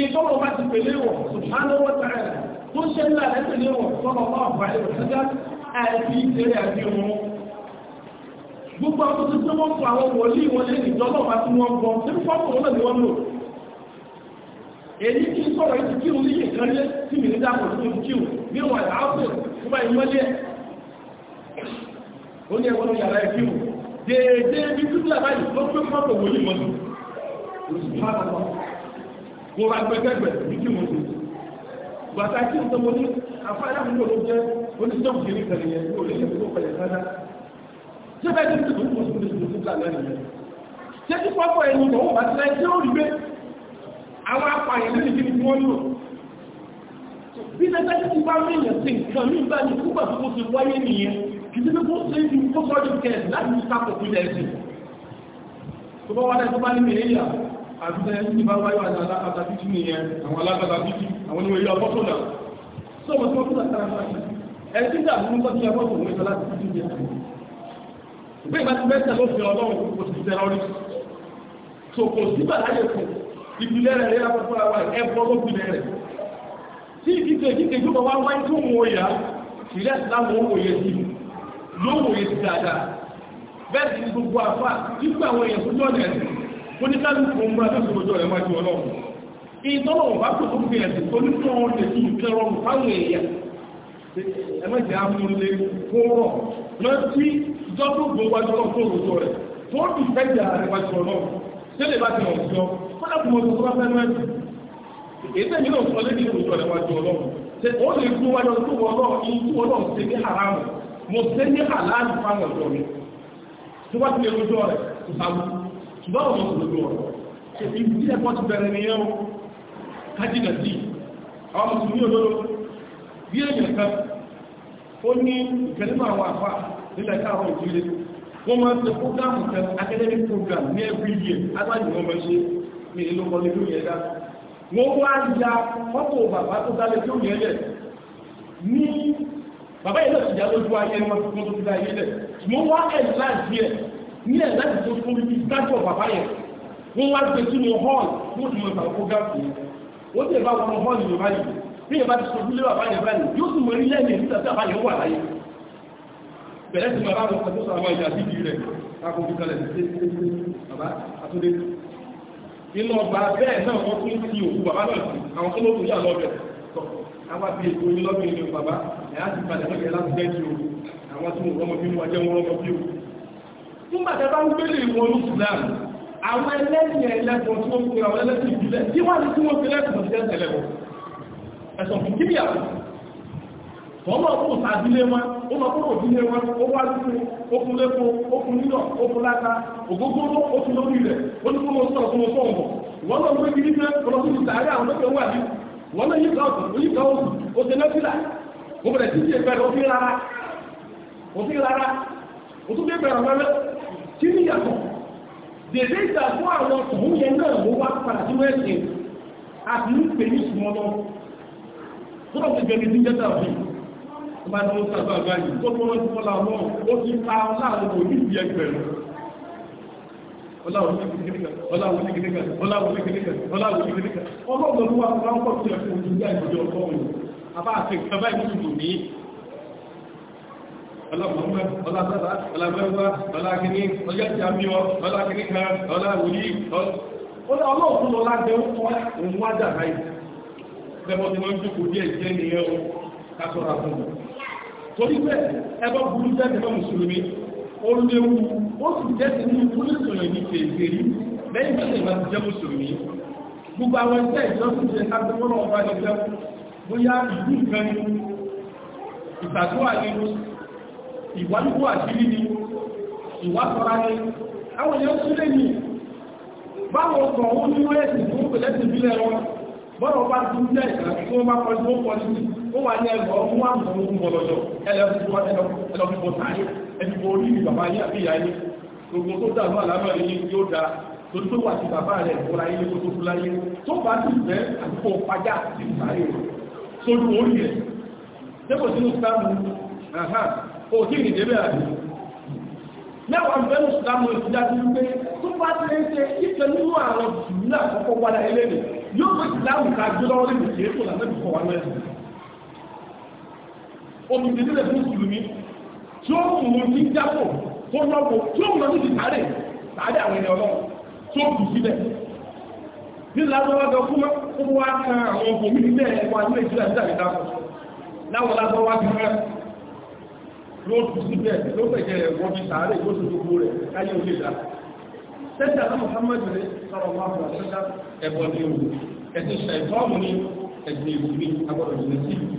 ìgbọ́ wọn bá ti pèlè wọ̀ subhanahu wa ta'ala tó ṣe ńlá lẹ́pẹ̀lẹ́ wọ̀ sọ́kọ̀ọ́ gbogbo àwọn tó ti tó wọ́n fún àwọn wòlíì wọn lé ìjọlọ́ bá tí wọ́n gbọ́ tí wọ́n fún wọn lè wọ́n lò èyí kí sọ̀rọ̀ yìí ti kírun ní ìkan lé tí mi ní dàpọ̀ tó ti kírun bí wọn àá pè fún báyìí wọ́n lé ó ní ẹ̀wọ́n yàrá ẹ̀ kírun déédéé bí túbúlà báyìí ló pé fún àwọn wòlíì mọ́tò mo ra gbẹgbẹgbẹ ní kí mo dùn bàtà kí n tó mo ní afárá ṣé bẹ́ẹ̀ ní ìtòkò ní oṣù oṣù oṣù gbà lẹ́nu rẹ̀ ṣé tí pọ́pọ̀ ẹni mọ̀ wọ́n bá ti láì tí ó rí gbé àwọn apààyàn ní ìdíbi tí wọ́n lò bí lẹ́sẹ̀ tí ti bá rí èèyàn sí nǹkan ní ìgbà ní púpọ̀ tó ti wáyé nìyẹn kì í bí kó ṣe ju kó sọ́jú kẹ̀ láti ní sápò fún ilẹ̀ ẹ̀sìn tó bá wáyé tó bá ní mẹ́rẹ́yà àti ẹni tí bá wáyé wà ní alágbàtà títí nìyẹn àwọn alágbàtà títí àwọn oníwèé ọgbọ́sọ̀ náà sọ́wọ́n tó wọ́n tó tàkàrà ẹ̀sìn dàbí mú kọ́ sí ọgbọ́sọ̀ òun ìtọ́lá pé ìgbà tí mẹ́ta ló fi ọlọ́run kò sì tẹ̀rọ rí so kò sí bàláyé fún ìpìlẹ̀ rẹ̀ rẹ̀ fún ara ẹ̀fọ́ ló pìlẹ̀ rẹ̀ tí ìdíje ìdíje tó bọ̀ wá wáyé tó wọ ìyá ìrẹ́ ìsìlámù ó wòye sí ló wòye sí dáadáa bẹ́ẹ̀ sì ni gbogbo àfa nígbà àwọn èèyàn tó jọ́ọ̀dẹ̀ ó ní kálukú ohun bá tó sọ̀rọ̀ rẹ̀ wájú ọlọ́run ìtọ́lọ̀ wọn bá kò tó fi ẹ̀sìn tó ní tọ́ ọ̀rọ̀ tẹ̀sí ìkẹrọ fáwọn èèyàn ẹ̀mẹ́jẹ̀ amúlé kó rọ̀ lọ sí ìjọ tó gbó wájú lọ fún òwúrọ̀ rẹ̀ tó dùn fẹ́jà rẹ̀ wájú lọ ṣé lè bá ti hàn jọ kọ́lá kùn mọ́ tó bá fẹ́ mẹ́rin èyí tẹ̀mí náà sọ lé ní òwúrọ̀ rẹ̀ wájú lọ ṣe ó lè gbó wájú tó wọ́n náà ní tó wọ́n náà ṣe ní haram mo ṣe ní halal fáwọn ọ̀dọ́ mi tó bá ti lè lójú rẹ̀ kò sábú ṣùgbọ́n òun kò lójú rẹ̀ ṣe ibi tí ẹ̀kọ́ ti bẹ̀rẹ̀ nìyẹn o kájínà sí àwọn mùsùlùmí olóró bí èèyàn kan ó ní ìkẹ́lẹ́mọ̀ àwọn àfáà nílẹ̀ káàkó ìdílé wọ́n máa ń ṣe programu kan academic program ní every year agbájú wọn máa ṣe ní ìlú kọlé tó yẹn dá wọ́n wá ya mọ́tò bàbá tó dálé tó yẹn lẹ̀ ní bàbá yìí lọ́sì ìjà lójú ayé wọn tó tó ti dá ayé lẹ̀ wọ́n wá ẹ̀ láti ẹ̀ ní ẹ̀ láti tó tó rí dájọ́ bàbá yẹn wọ́n wá gbé sínú hall tó ti mọ ìbàwọ̀ program yẹn wọ́n ti bá wọn hall yorùbá yìí bí yẹn bá ti sọ fúlé bàbá yẹn báyìí yóò sì mọ ilé ẹ̀ bẹ̀rẹ̀ sí bàbá àwọn ọ̀sán àwọn ìjà sí rẹ̀ káàkó fi kalẹ̀ sí bàbá àtúndé inú ọgbà bẹ́ẹ̀ náà wọ́n tún ti òkú bàbá náà sí àwọn tó lókun yà lọ́bẹ̀ àwọn àti ètò ìlọ́bẹ̀ ilé bàbá ẹ̀yà ti padà lọ́bẹ̀ láti bẹ́ẹ̀ o àwọn tí wọ́n bí wọ́n o nígbà tẹ́ bá ń ẹlẹ́yìn ẹlẹ́gbọ̀n tí wọ́n fi àwọn ẹlẹ́sìn ìbílẹ̀ tí wọ́n ti tí wọ́n fi lẹ́sìn ọ̀sẹ̀ ẹ̀sẹ̀ ẹ̀sọ̀ fún kíbíyàwó wọ́n mọ̀ kó sàdílé wọn ó mọ̀ kó òdílé wọn ó wá sí okun lẹ́kọ̀ọ́ okun nínà okun láta ògógóró okun lórí rẹ̀ ó ní kó mo sọ̀rọ̀ fún ọkọ̀ ọ̀bọ̀ wọ́n lọ gbé gidi pé ọlọ́sùn ti sàárẹ̀ àwọn lókè wà ní wọ́n lọ yíká ọ̀tún oyíká ọ̀tún ó ti lẹ́fìlà mo bẹ̀rẹ̀ títí ìbẹ̀rẹ̀ òfin rárá òfin rárá ó tún bẹ̀rẹ̀ rárá kí ni yàtọ̀ dèdè ìgbà fún àwọn ọkùnrin yẹn náà ló wá padà sínú ẹ̀sìn àti ń ọba tó ń sàbà báyìí tó tó rántí fọ́lá ọlọ́run ó ti pa ọláàrùn kò ní ìdí ẹgbẹ̀rún ọláwọ̀ ní kìnnìkà ọláwọ̀ ní kìnnìkà ọláwọ̀ ní kìnnìkà ọláwọ̀ ní kìnnìkà ọlọ́run ló wà fún ọkọ̀ tó yẹ fún ojú bí àìsí ọkọ̀ òun àbá àti ìkàbá ìmúṣùdù ní ọlọ́mọ̀ọ́mọ́ ọlọ́sọ́dá ọlọ́mọ́ọ́mọ́ ọlọ́kìní ọjọ́ ti àmì ọ ọlọ́kìní kan ọlọ́wòlí ọlọ́ọ̀kún lọ láti ọkọ̀ òun wájà báyìí bẹ́ẹ̀ bọ́ ti wọ́n jókòó díẹ̀ jẹ́ nìyẹn o ká sọ́ra fún un torí pé ẹbọ burú jẹ́ ẹbọ mùsùlùmí ó léwu ó sì jẹ́ sí ní pólísìnà ní kèèké rí lẹ́yìn tó ìgbà ti jẹ́ mùsùlùmí gbogbo àwọn iṣẹ́ ìjọsìn ṣe agbẹ́mọ́rọ̀ ọba ẹgbẹ́ bóyá ìlú nǹkan ni ìgbàgbó àlejò ìwádìí àṣírí ni ìwádọ́ra ni àwọn èèyàn sílé ní báwọn ọkọ̀ ó ní wọ́n ẹ̀sìn tó wọn bọ́rọ̀ bá tún jẹ́ ìgbàgbó bá kọjú ó kọjú ó wà ní ẹgbọ́ fún àmọ́ ogun bọ̀lọ̀jọ̀ ẹlọ́fíbọ̀ sáré ẹbíbọ̀ orí ìbàbá yí àti ìyá yí gbogbo tó dà lọ́wọ́ alámọ̀rin yí yóò da torí tó wà sí bàbá rẹ̀ fúnra yí kó tó fúnra yí tó bá sì fẹ́ àdúgbò pajá sí sáré rẹ̀ sójú orí rẹ̀ dépò sínú sáàmù kò tí ì débẹ̀ àdú mẹ́wàá mẹ́nu sáàmù ìfúdá sí pé tó bá ti ń ṣe ìfẹ́ nínú àwọn jùlọ àkọ́kọ́ wádà ẹlẹ́rìí yóò mọ̀ sí láwùká jùlọ orí ìṣẹ́ kò làbẹ́ olùdíjìlẹ̀ fún mùsùlùmí tí ó mú un ní jápò tó lọ́pọ̀ tí ó mú lọ́dún ti tààrẹ̀ tààrẹ̀ àwọn ènìyàn lọ́wọ́ tí ó kù síbẹ̀ ní lábọ́wọ́ gan fún ó wá kan àwọn ọkùnrin nílẹ̀ ẹ̀kọ́ àdúrà ìjìlá ìjà ìdá láwọn lábọ́wọ́ bí wọ́n ló kù síbẹ̀ ló fẹ̀jẹ̀ rẹ̀ wọ́n fi tààrẹ̀ tó tó gbogbo rẹ̀ káyé òkè dá sẹ́jà náà Muhammadu rẹ̀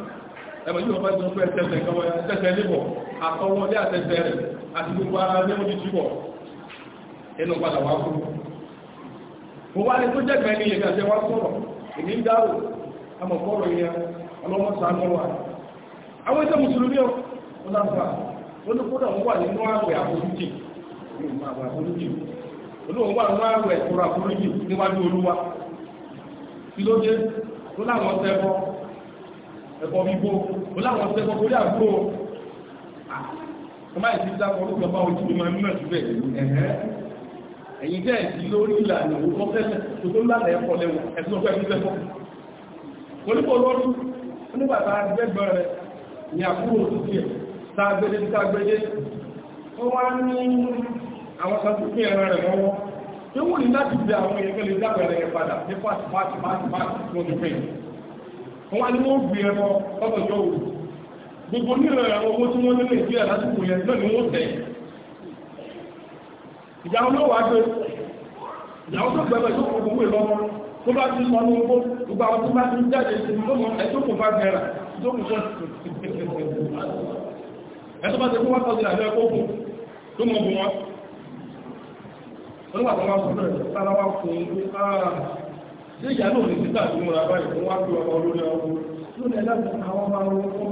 ẹ̀mọ̀ yóò fẹ́ sọ pé ẹ̀tẹ́sẹ̀ kọwọ́ ẹ̀tẹ́sẹ̀ níbọ̀ àtọwọlé àtẹ́sẹ̀ rẹ̀ àti gbogbo ara lẹ́wọ́n ti jíbọ̀ ẹnu padà wá kú mo wá ní tó jẹ́ gbẹ̀ni yẹn àti wá sọ̀rọ̀ èmi ń dárò àmọ̀ fọ́rọ̀ yẹn ọlọ́mọ sànú wa àwọn ìṣẹ́ mùsùlùmí ọ̀ ó láǹfà ó ní kódà wọn wà nínú àwẹ̀ àforíjì olóòwò wà nínú àwẹ̀ ìkọrọ̀ àforíjì níwájú olúwa kí ló dé ó láwọn ọ̀sẹ̀ bọ́ ẹ̀kọ́ bíbó ó láwọn ọ̀sẹ̀ kan kórí àgbò ọmọ ìdí sáfọ́ ló gbọ́n ojú mi máa ń mọ̀ síbẹ̀ ẹ̀yìn tẹ́ ẹ̀sìn lórí ìlànà òkọ́ tẹ́lẹ̀ tó tó lálẹ́ ẹ̀kọ́ lẹ́wọ̀ ẹ̀sìn ọ̀fẹ́ fífẹ́ fọ́ onípò lọ́dún nígbà tá a gbẹ́gbẹ́ rẹ̀ ní àkúrò títí ẹ̀ tá a gbẹ́dẹ́ tá a gbẹ́dẹ́ ó wá ní àwọn kan tó fi ẹran rẹ̀ lọ́wọ́ tí ó wù ní láti bẹ àwọn wọ́n wá ní wọ́n gbé ẹbọ lọ́tọ̀jọ́ òru gbogbo nílò àwọn owó tí wọ́n ní nàìjíríà lásìkò yẹn náà ni wọ́n tẹ̀ ìyàwó náà wá dé ìyàwó tó gbẹ̀gbẹ̀ tó kò gbogbo ìlọ́wọ́ tó bá ti sọ ní owó gbogbo àwọn tó bá ti jáde ìṣòwò ẹ̀tọ́ kò bá gẹ̀rà tó kò sọ ẹ̀tọ́ bá ti kó wọ́n tọ́jú àjọ ẹ̀kọ́ fún tó mọ̀ bù wọn. Wọ́n wà tó wá fún ṣé ìyá náà lè títà sí múra báyìí fún wá pé ọmọ olórí ọkọ lónìí ẹlẹ́sì àwọn ọmọ ọmọ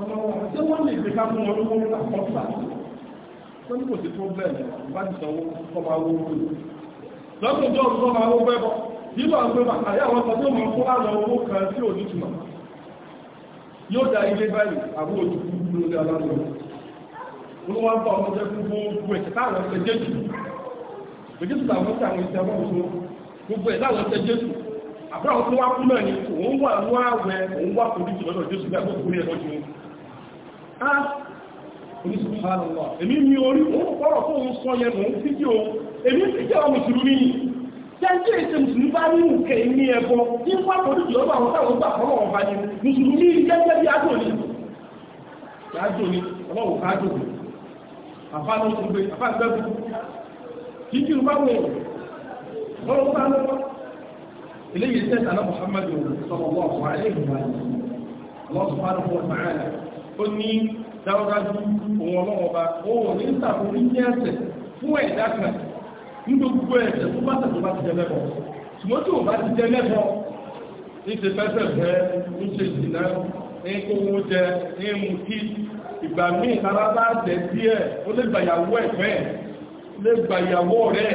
ọmọ wọn ṣé wọ́n lè fi ká fún wọn lówó àkọ́sà tó ní kò sí pọ́blẹ̀mù bá ti sanwó ọmọ awó owó lọ́sùn tó ọdún ọmọ awó bẹ́bọ̀ nínú àwọn ọmọ àyà àwọn ọmọ tó máa kó àlọ owó kan sí onítùmọ̀ yóò da ilé báyìí àwọn olùkú lórí aláwọ̀ wọn wá ń bá ọmọ jẹ́ fún gbogbo ẹ̀ gbogbo ẹ̀ láwọn ẹgbẹ́ jésù àbúrò àwọn tó wá kú náà ni òun wà ní àwẹ̀ òun wà kò díjì lọ́dọ̀ jésù gbàgbọ́ orí orí òun kọ́rọ̀ tó ń sọ yẹn èmi ni jẹ́jẹ́ ètò ni ọlọ́wọ̀ ájò àfáà ló gbé àfáà gbẹ́gbẹ́ kí kí n bá wọ̀ wọ́n ló bá lọ́wọ́ eléyìí tẹ́sà náà Muhammadu sallallahu alaihi wa sallam subhanahu wa ta'ala ó ní dáwọ́dájú òun ọlọ́wọ́ bá òun ní sàkóní ní ẹsẹ̀ fún ẹ̀dá kan ní gbogbo ẹ̀sẹ̀ tó bá tẹ̀sọ̀ bá ti jẹ mẹ́bọ̀ ṣùgbọ́n tí ò bá ti jẹ mẹ́bọ̀ ní ṣe fẹ́sẹ̀ fẹ́ ní ṣe ìsìnà ní kówó jẹ ní mú kí ìgbà míì tara bá jẹ díẹ̀ ó lè gbàyàwó ẹ̀fẹ́ lè gbàyàwó rẹ̀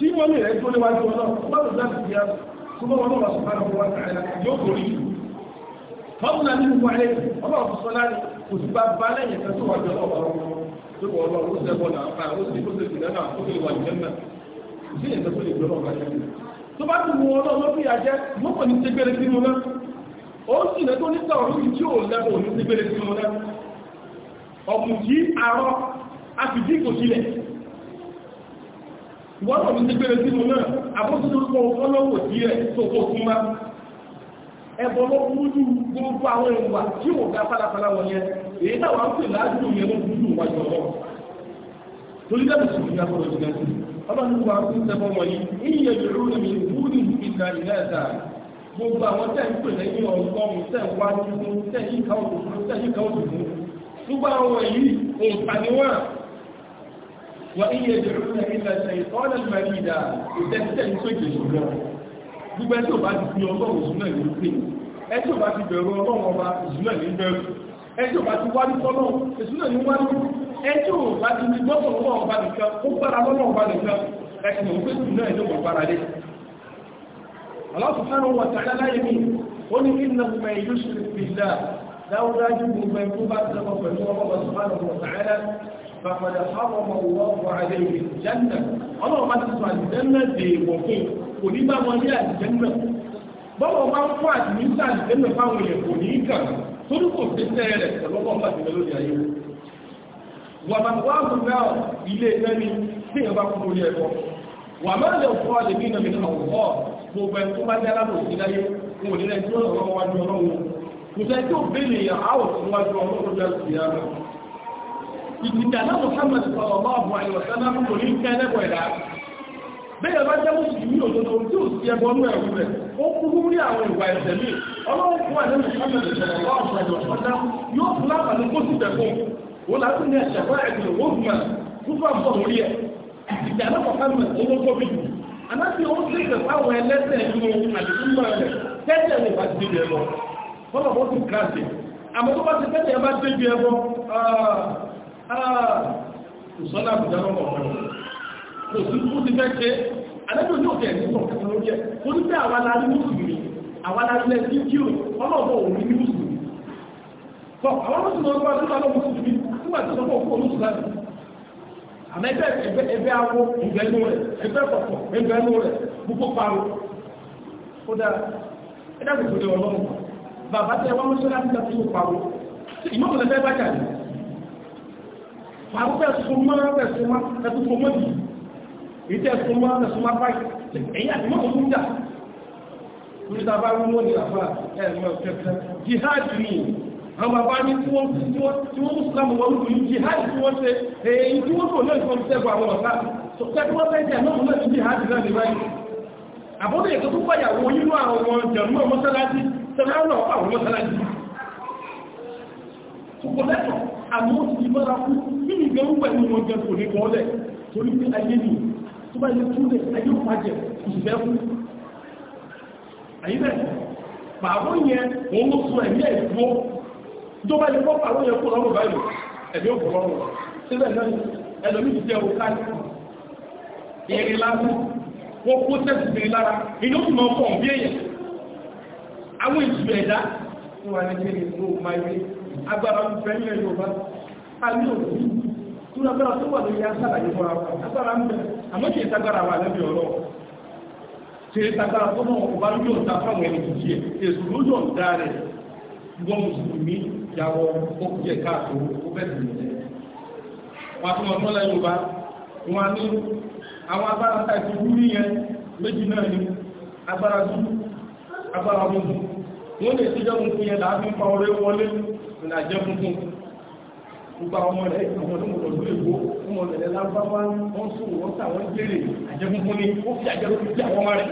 tí wọ́n lè rẹ̀ tó léwájú ọ̀nà wọ́n lè fi yá ṣùgbọ́n wọn lọ́wọ́ ṣùgbọ́n wọn wá tààrà yóò borí ìlú fọ́nù náà nínú wáyé ọba òṣìṣọ́lá kò sí bá bá lẹ́yìn kan tó wájú ọ̀nà ọ̀rọ̀ lókọ̀ ọ̀rọ̀ ó sẹ́gbọ́ náà ó sì kó sì fìdá náà ó sì wà jẹ́ náà sí ìyẹn tó lè gbọ́nà ọ̀gá jẹ́ tó bá tún wọn lọ́wọ́ fi àjẹ́ mọ́kàn ní tẹ́gbẹ́rẹ́ sínú náà ó sì lẹ́tọ́ ní sọ̀rọ̀ wọ́n tọ̀ ní gbẹ́gbẹ́rẹ́ sínú náà àbúrúkọ ọlọ́wọ̀ díẹ̀ tó kó fún má ẹbọ ló burú jù gbogbo àwọn ìwà tí ò ga fàlàfàlà wọn yẹn èyí táwọn ń pè láàájú yẹn ló burú jù wájú ọlọ́ torí dẹ́bù sí ìyá tó lọ́jọ́ gẹ́gẹ́ ọlọ́run wa ń sẹ́bọ̀ wọ̀nyí ìyẹn yòrò ní ìwúrí ìgbà ìlà ẹ̀dá gbogbo àwọn tẹ̀ ń pè lẹ́yìn ọgọ́rùn-ún tẹ̀ wá àwọn yìí òǹtàníwọ̀n وإن يدعون إلا الشيطان المريدا ìtẹ́sítẹ́ ìsókè ṣùgbọ́n gbígbẹ́ tó bá ti fi ọlọ́run súnmọ́ ìlú pé ẹ tó bá ti bẹ̀rù ọlọ́run ọba ìsúnmọ́ ìlú bẹ̀rù ẹ tó bá ti wárí fọ́lọ́ ìsúnmọ́ ìlú wárí ẹ tó bá ti fi gbọ́sọ̀ ọlọ́run ọba nìkan ó gbára lọ́nà ọba nìkan ẹ sì mọ̀ pé ìsúnmọ́ ìlú wọ̀ gbára lé Allah subhanahu wa ta'ala láyé mi ó ní kí nà mọ̀ ìlú ṣe fi dá dáwọ́dájú gbogbo ẹ̀ tó bá ti lọ́kọ̀ pẹ̀lú ọlọ́run فقد حرم الله عليه الجنة الله ما تسوى الجنة دي وفين ودي ما ولي الجنة bọ́wọ́ bá ń fún àdìmísà ìdẹ́mẹ̀ fáwọn èèyàn kò ní í kàn torí kò sí tẹ́ẹ̀rẹ̀ lọ́wọ́ bá ti mẹ́lódì ayé wà bá lè fọ́ àdìmí ìnà mìíràn àwòrán gbogbo ẹ̀ bá jẹ́ alábò sí láyé wọn ò ní lẹ́jọ́ ọ̀rọ̀ wájú ọlọ́run kò tí ó bèèrè àwọn òṣìwájú ọlọ́run ìgbìtàná Muhammad sallallahu alaihi wasallam kò ní kẹ́lẹ́bọ̀ ẹ̀dá bẹ́ẹ̀ bá jẹ́ mùsùlùmí òdodo tí ó sì ẹbọ ní ẹ̀rù rẹ̀ ó kúrú ní àwọn ìwà ẹ̀ṣẹ̀ mi ọlọ́run fún àdé Muhammad sallallahu alaihi wasallam yóò fún láǹfààní kó sì tẹ̀kọ́ ó láti ní ẹ̀ṣẹ̀ fún ẹ̀kùn owó gbà púpọ̀ àbúkọ̀ lórí ẹ̀ ìgbìtàná Muhammad owó tóbi jù anábì ó sì tẹ̀ fáwọn Ah, kò sọ́nà àbújá lọ́wọ́ ọ̀rọ̀ kò sí kú ti fẹ́ ṣe alẹ́bí ojú òkè ẹ̀sìn náà kẹta lórí ẹ̀ kò ní pé àwa la rí mùsùlùmí àwa la rí lẹ́ sí kí o ọlọ́ọ̀bọ̀ òun ní mùsùlùmí tọ́ àwọn mùsùlùmí ọgbà tó lọ mùsùlùmí nígbà tó sọ́kọ̀ fún olùsùlùmí àmẹ́fẹ́ ẹgbẹ́ ẹgbẹ́ awọ ìgbẹ́nu rẹ̀ ẹgbẹ́ pọ̀pọ̀ ẹgbẹ́nu rẹ̀ púpọ̀ parọ́ ó dáa ẹ̀dá kò tó lé ọlọ́run bàbá tẹ wọ́n mú sọ́dá nígbà tó parọ́ ìmọ̀ pàrọ́pẹ́ súnmọ́ rẹ̀ súnmọ́ ẹ̀tún súnmọ́ jù ìtẹ́ súnmọ́ rẹ̀ súnmọ́ báyìí ẹ̀yà tí mọ́ tún jà nígbà bá rí wọ́n ní àfà ẹ̀mọ̀ kẹta jihadi ni àwọn bàbá ní tí wọ́n tí wọ́n tí wọ́n mùsùlámù wọn lù ní jihadi tí wọ́n ṣe èyí tí wọ́n tó náà fọ́n tẹ́gbọ́ àwọn ọ̀gá tó tẹ́gbọ́ wọ́n fẹ́ jẹ́ náà náà ní jihadi náà ní báyìí àbúrò ètò tó pàyàwó nínú àwọn ọmọ jẹ̀mọ́ mọ́sálásí tẹ́lá náà pàwọn mọ́sálásí kí ni ìgbẹ́ wúwẹ̀ ní wọn jẹ́ kò ní kan lẹ̀ torí pé ayé ni tó bá ilé túnlẹ̀ ayé pàjẹ́ kò sì fẹ́ fún ayé bẹ́ẹ̀ pààrọ̀ yẹn òun ló sọ ẹ̀mí ẹ̀ gbọ́ tó bá ilé kọ́ pààrọ̀ yẹn kó lọ́rùn báyìí ẹ̀mí ò kọ̀ lọ́rùn náà ẹlòmí ti jẹ́ o ká ìrìn lásán wọ́n kó tẹ́sì sí lára inú kò mọ ọkọ̀ bí èèyàn àwọn ìṣù ẹ̀dá tó wà ní agbára ń fẹ́ nílẹ̀ Yorùbá a ní òkú tún agbára tó wà lórí aṣàlàyé fúnra wa agbára ń bẹ àmọ́ kì í sagbára wa lẹ́bi ọ̀rọ̀ ṣe é sagbára tó náà ọba lójú ọ̀tá fáwọn ẹni kìí ẹ̀ èsù lójú ọ̀tá rẹ̀ gbọ́ mùsùlùmí yàwọ̀ ọkùnjẹ káàtó ó bẹ̀ sí ilẹ̀ wọn tún ọdún lẹ́yìn ọba wọn ní àwọn agbára tá ìtú wúrí yẹn méjì náà ni agbára dúdú agbára mú wọn lè ṣíjọ́ funfun yẹn làá fi ń pa ọrẹ́ wọlé ìlàjẹ́ funfun gbogbo àwọn ọmọ rẹ̀ àwọn ọdún mọ̀tò ló ègbó fún ọmọ rẹ̀ lábáwá wọ́n sùn wọ́n sà wọ́n jèrè àjẹgúngún ni ó fi àjẹrò fi jẹ́ àwọn ọmọ rẹ̀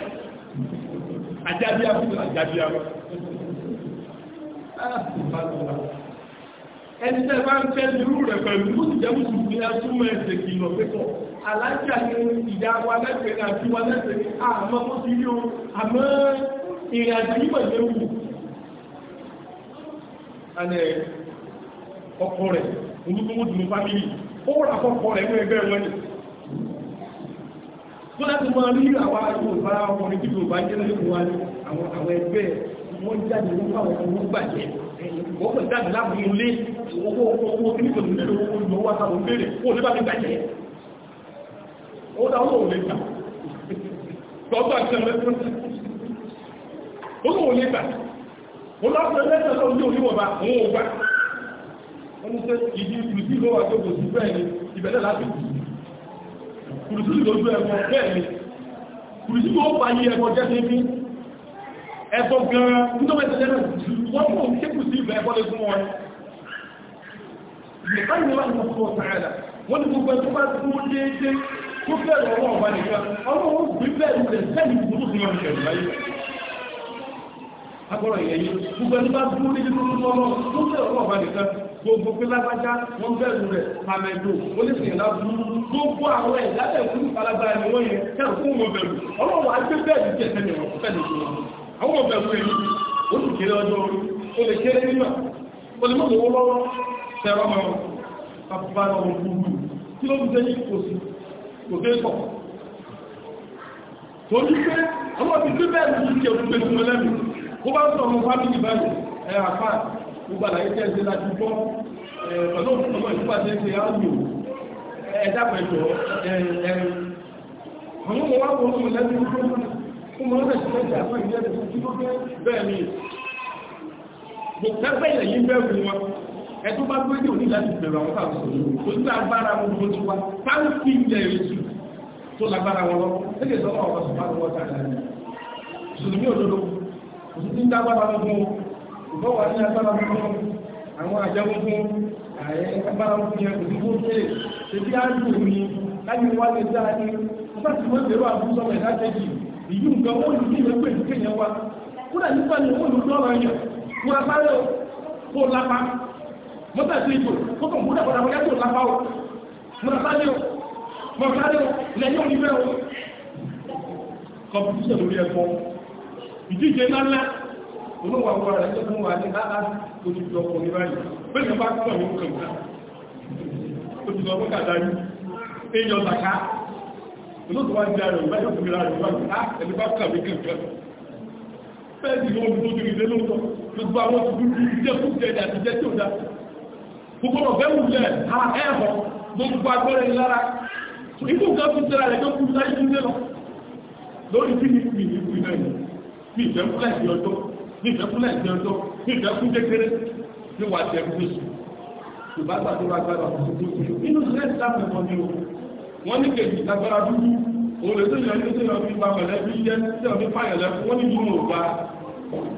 àjábíà fún àjábíà ah, ẹni tẹ́ bá ń fẹ́ irú rẹ̀ pẹ̀lú ó sì jẹ́ mùsùlùmí asúmọ̀ ẹ̀sẹ̀ kìlọ̀ pẹ́kọ̀ alájà ni ìyá wa lẹ́sẹ̀ àti wa lẹ́sẹ̀ ah, àmọ́ ó ti rí o àmọ́ ìrìn àjò yìí mọ̀ léwu rẹ̀ olúkúmú dùnú fámílì ó rà fọ́kọ́ rẹ̀ ní ẹgbẹ́ wọn ni tó láti máa rí àwọn Yorùbá ọkùnrin tí Yorùbá jẹ́ lẹ́yìn wa ní àwọn ẹgbẹ́ wọ́n jáde wọ́n fáwọn ọmọ gbàjẹ́ wọ́n pẹ̀ jáde láàrin ilé owó owó tí nítorí nílò owó ìlú wá sáwọn béèrè ó lè bá mi gbàjẹ́ ó dáwọn òun lè gbà tọ́tọ́ àti ẹgbẹ́ ó lóun lè gbà ó lọ́pọ̀ ẹgbẹ́ tẹ́lẹ̀ ojú òníwọ̀ba òun ò gbà oníṣẹ́ ìdí kùrùsí ló wà tó kò sí bẹ́ẹ̀ ni ìbẹ̀lẹ̀ láti kùrùsí lójú ẹ̀wọ̀ bẹ́ẹ̀ ni kùrùsí ló pa yí ẹ̀wọ̀ jẹ́ sí ẹ̀bọ̀ gan-an nítorí ẹ̀sẹ̀ jẹ́ wọ́n mú òun ṣe kùrùsí ìbẹ̀ ẹ̀bọ̀ lé fún wọn nìkan ni wọ́n mú ọ̀tọ̀ wọ́n ní gbogbo ẹ̀tọ́ bá tún déédéé tó bẹ̀rẹ̀ ọwọ́ ọba nìkan ọwọ́ ó gbé bẹ̀rù rẹ̀ sẹ́yìn gbogbo fún wọn ṣẹ̀rù láyé agbọ́rọ̀ ìyẹ̀yẹ gbogbo ẹ̀tọ́ bá tún déédéé tó bẹ̀rẹ̀ ọwọ́ ọba nìkan gbogbo pé lágbájá wọ́n bẹ̀rù rẹ̀ pàmẹ́dò oníṣẹ́ ìlàbù gbogbo àwọn ẹ̀dájẹ̀ fún ìfalagbára ni wọ́n yẹn kẹ́rù fún wọn bẹ̀rù ọlọ́wọ́ á gbé bẹ́ẹ̀rù jẹ́ ẹ̀fẹ́ nìyẹn fẹ́ lè fún wọn àwọn ọmọ bẹ̀rù rẹ̀ ó sì kéré ọjọ́ orí ó lè kéré nígbà ó lè mọ̀ lówó lọ́wọ́ tẹ̀rọ mọ́ àpapọ̀ àwọn gbogbo kí ló ń jẹ́ gbogbo àlàyé tẹ́ ṣe láti gbọ́ pẹ̀lú òfin ọmọ ìfúnpá tẹ́ ṣe áwùjọ ẹ̀dá pẹ̀jọ àwọn ọmọ wa wọn mọ̀ lẹ́nu tó ó mọ̀ lẹ́nu tó ṣe àwọn ìyá rẹ̀ tó tó bẹ́ẹ̀ ni gbogbo ẹgbẹ́ yìí bẹ́ẹ̀ wù wọn ẹtú bá gbé ní òní láti bẹ̀rẹ̀ àwọn táwọn sọ̀rọ̀ tó ní agbára wọn tó ti wá táwọn fi ilẹ̀ ètù tó lágbára wọn lọ ẹgbẹ́ sọ́kọ̀ ọ̀pọ̀ sọ̀rọ̀ wọn tààrà bó wà ní agbára fún àwọn àjẹmú fún ààyè agbára fún yẹn kò tó kéré ṣèbí àjò mi láti wá lè dá ní ọba tí wọ́n lérò àbúrò ọmọ ẹ̀dá kejì ìyí nǹkan ó ní ilé pé ní kéèyàn wa kúrò nípa ní olùdọ́rọ̀ yẹn kó lápá lé o kó lápá mọ́tà sí ipò kó kàn kúrò àpàdà wọlé kó lápá o mọ́tà lé o mọ́tà lé o lẹ́yìn onífẹ́ o kọ̀mpútà lórí ẹ̀kọ́ ìdíje ńláńlá olóòwà wà rẹ̀ tó fún wa ní láàá tó ti lọ kò ní báyìí bẹ́ẹ̀ bá tọ́ ní kọ̀ọ̀ká tó ti lọ fún kàdáyé èèyàn bàká olóòtú wá jẹ́ rẹ̀ ìbáyọ̀ fún ìlà rẹ̀ wá ẹni bá kàwé kẹ̀kẹ́ bẹ́ẹ̀ sì lọ bí tó ti rí lé lóòtọ́ gbogbo àwọn ti dúdú jẹ́ fún jẹ́ àti jẹ́ tí ó dá gbogbo ọ̀fẹ́ wùlẹ̀ ha ẹ̀họ̀ gbogbo agbẹ́rẹ̀ lára ìlú nǹkan fún jẹ́ra rẹ̀ tó kú sáyé lórí kí ni kú ìlú ìlú náà ní ìjẹ́kú láti ọjọ́ ní ìfẹ́kúnlẹ̀ ìjẹ́ ọjọ́ ní ìfẹ́kún kékeré ní wà jẹ́ gbèsù ṣùgbọ́n àgbàdo agbára òṣèlú inú ṣe ń sáfẹ́ wọn ni o wọ́n ní kejì agbára dúdú òun lè tó yọ ní tó yọ ní ba mọ̀lẹ́bí jẹ́ tí ọ̀ní fàyẹ̀lẹ́ wọ́n ní ìlú òba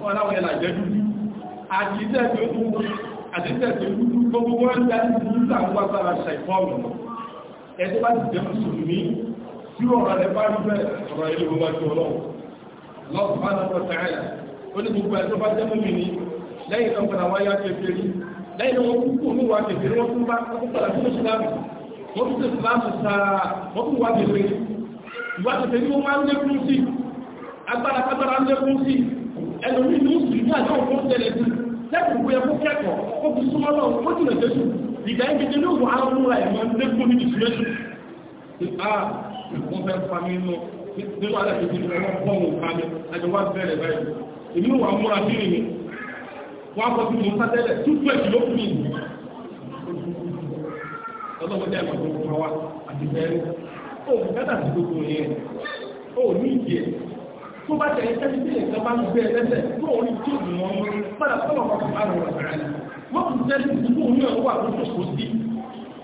ọ̀làwọ̀ yẹn làjẹ́ dúdú àtìtẹ́ tó dúdú àtìtẹ́ tó dúdú ó ní gbogbo ẹ̀ tó bá jẹ́ mọ́mí ni lẹ́yìn tó padà wáyá kékeré lẹ́yìn tó wọ́n kú kú òmí wá kékeré wọ́n tún bá wọ́n padà sí ìsìlámù wọ́n tún sí ìsìlámù sáà wọ́n tún wá kékeré ìwà kékeré wọ́n máa ń lékún sí agbára kágbára ń lékún sí ẹlòmí ní oṣù ní àjọ òkun tẹ̀lẹ̀ sí lẹ́kùn bóyá kó kẹ́kọ̀ọ́ kó fi súnmọ́ lọ kó jìnà jésù ìgbà yẹn kékeré ló wọ arúgbó ra ẹ̀mọ́ lékún ní ìsúlẹ̀sù ìpá ìkún fẹ́ fa mi nù nínú alẹ́ kékeré wọn kọ́ wọn kálẹ̀ àjọ wá èmi wà múra sí mi wọ́n á kọ́ sí mo sátẹ́lẹ̀ tún fún ẹ̀jì ló fún mi ọlọ́wọ́dé àgbà tó fún wa àti bẹ́ẹ̀rù ó bùkátà sí gbogbo yẹn ó ní ìdí ẹ̀ tó bá tẹ̀lé tẹ́lí tí ẹ̀ka bá ń gbé ẹlẹ́sẹ̀ tó ò ní tó dùn wọn padà sọ́wọ́ wọn fún àrùn ọ̀sán rẹ̀ wọ́n kò tẹ́lí ìdúgbò ní ọ̀rọ̀ wà lóṣù kò sí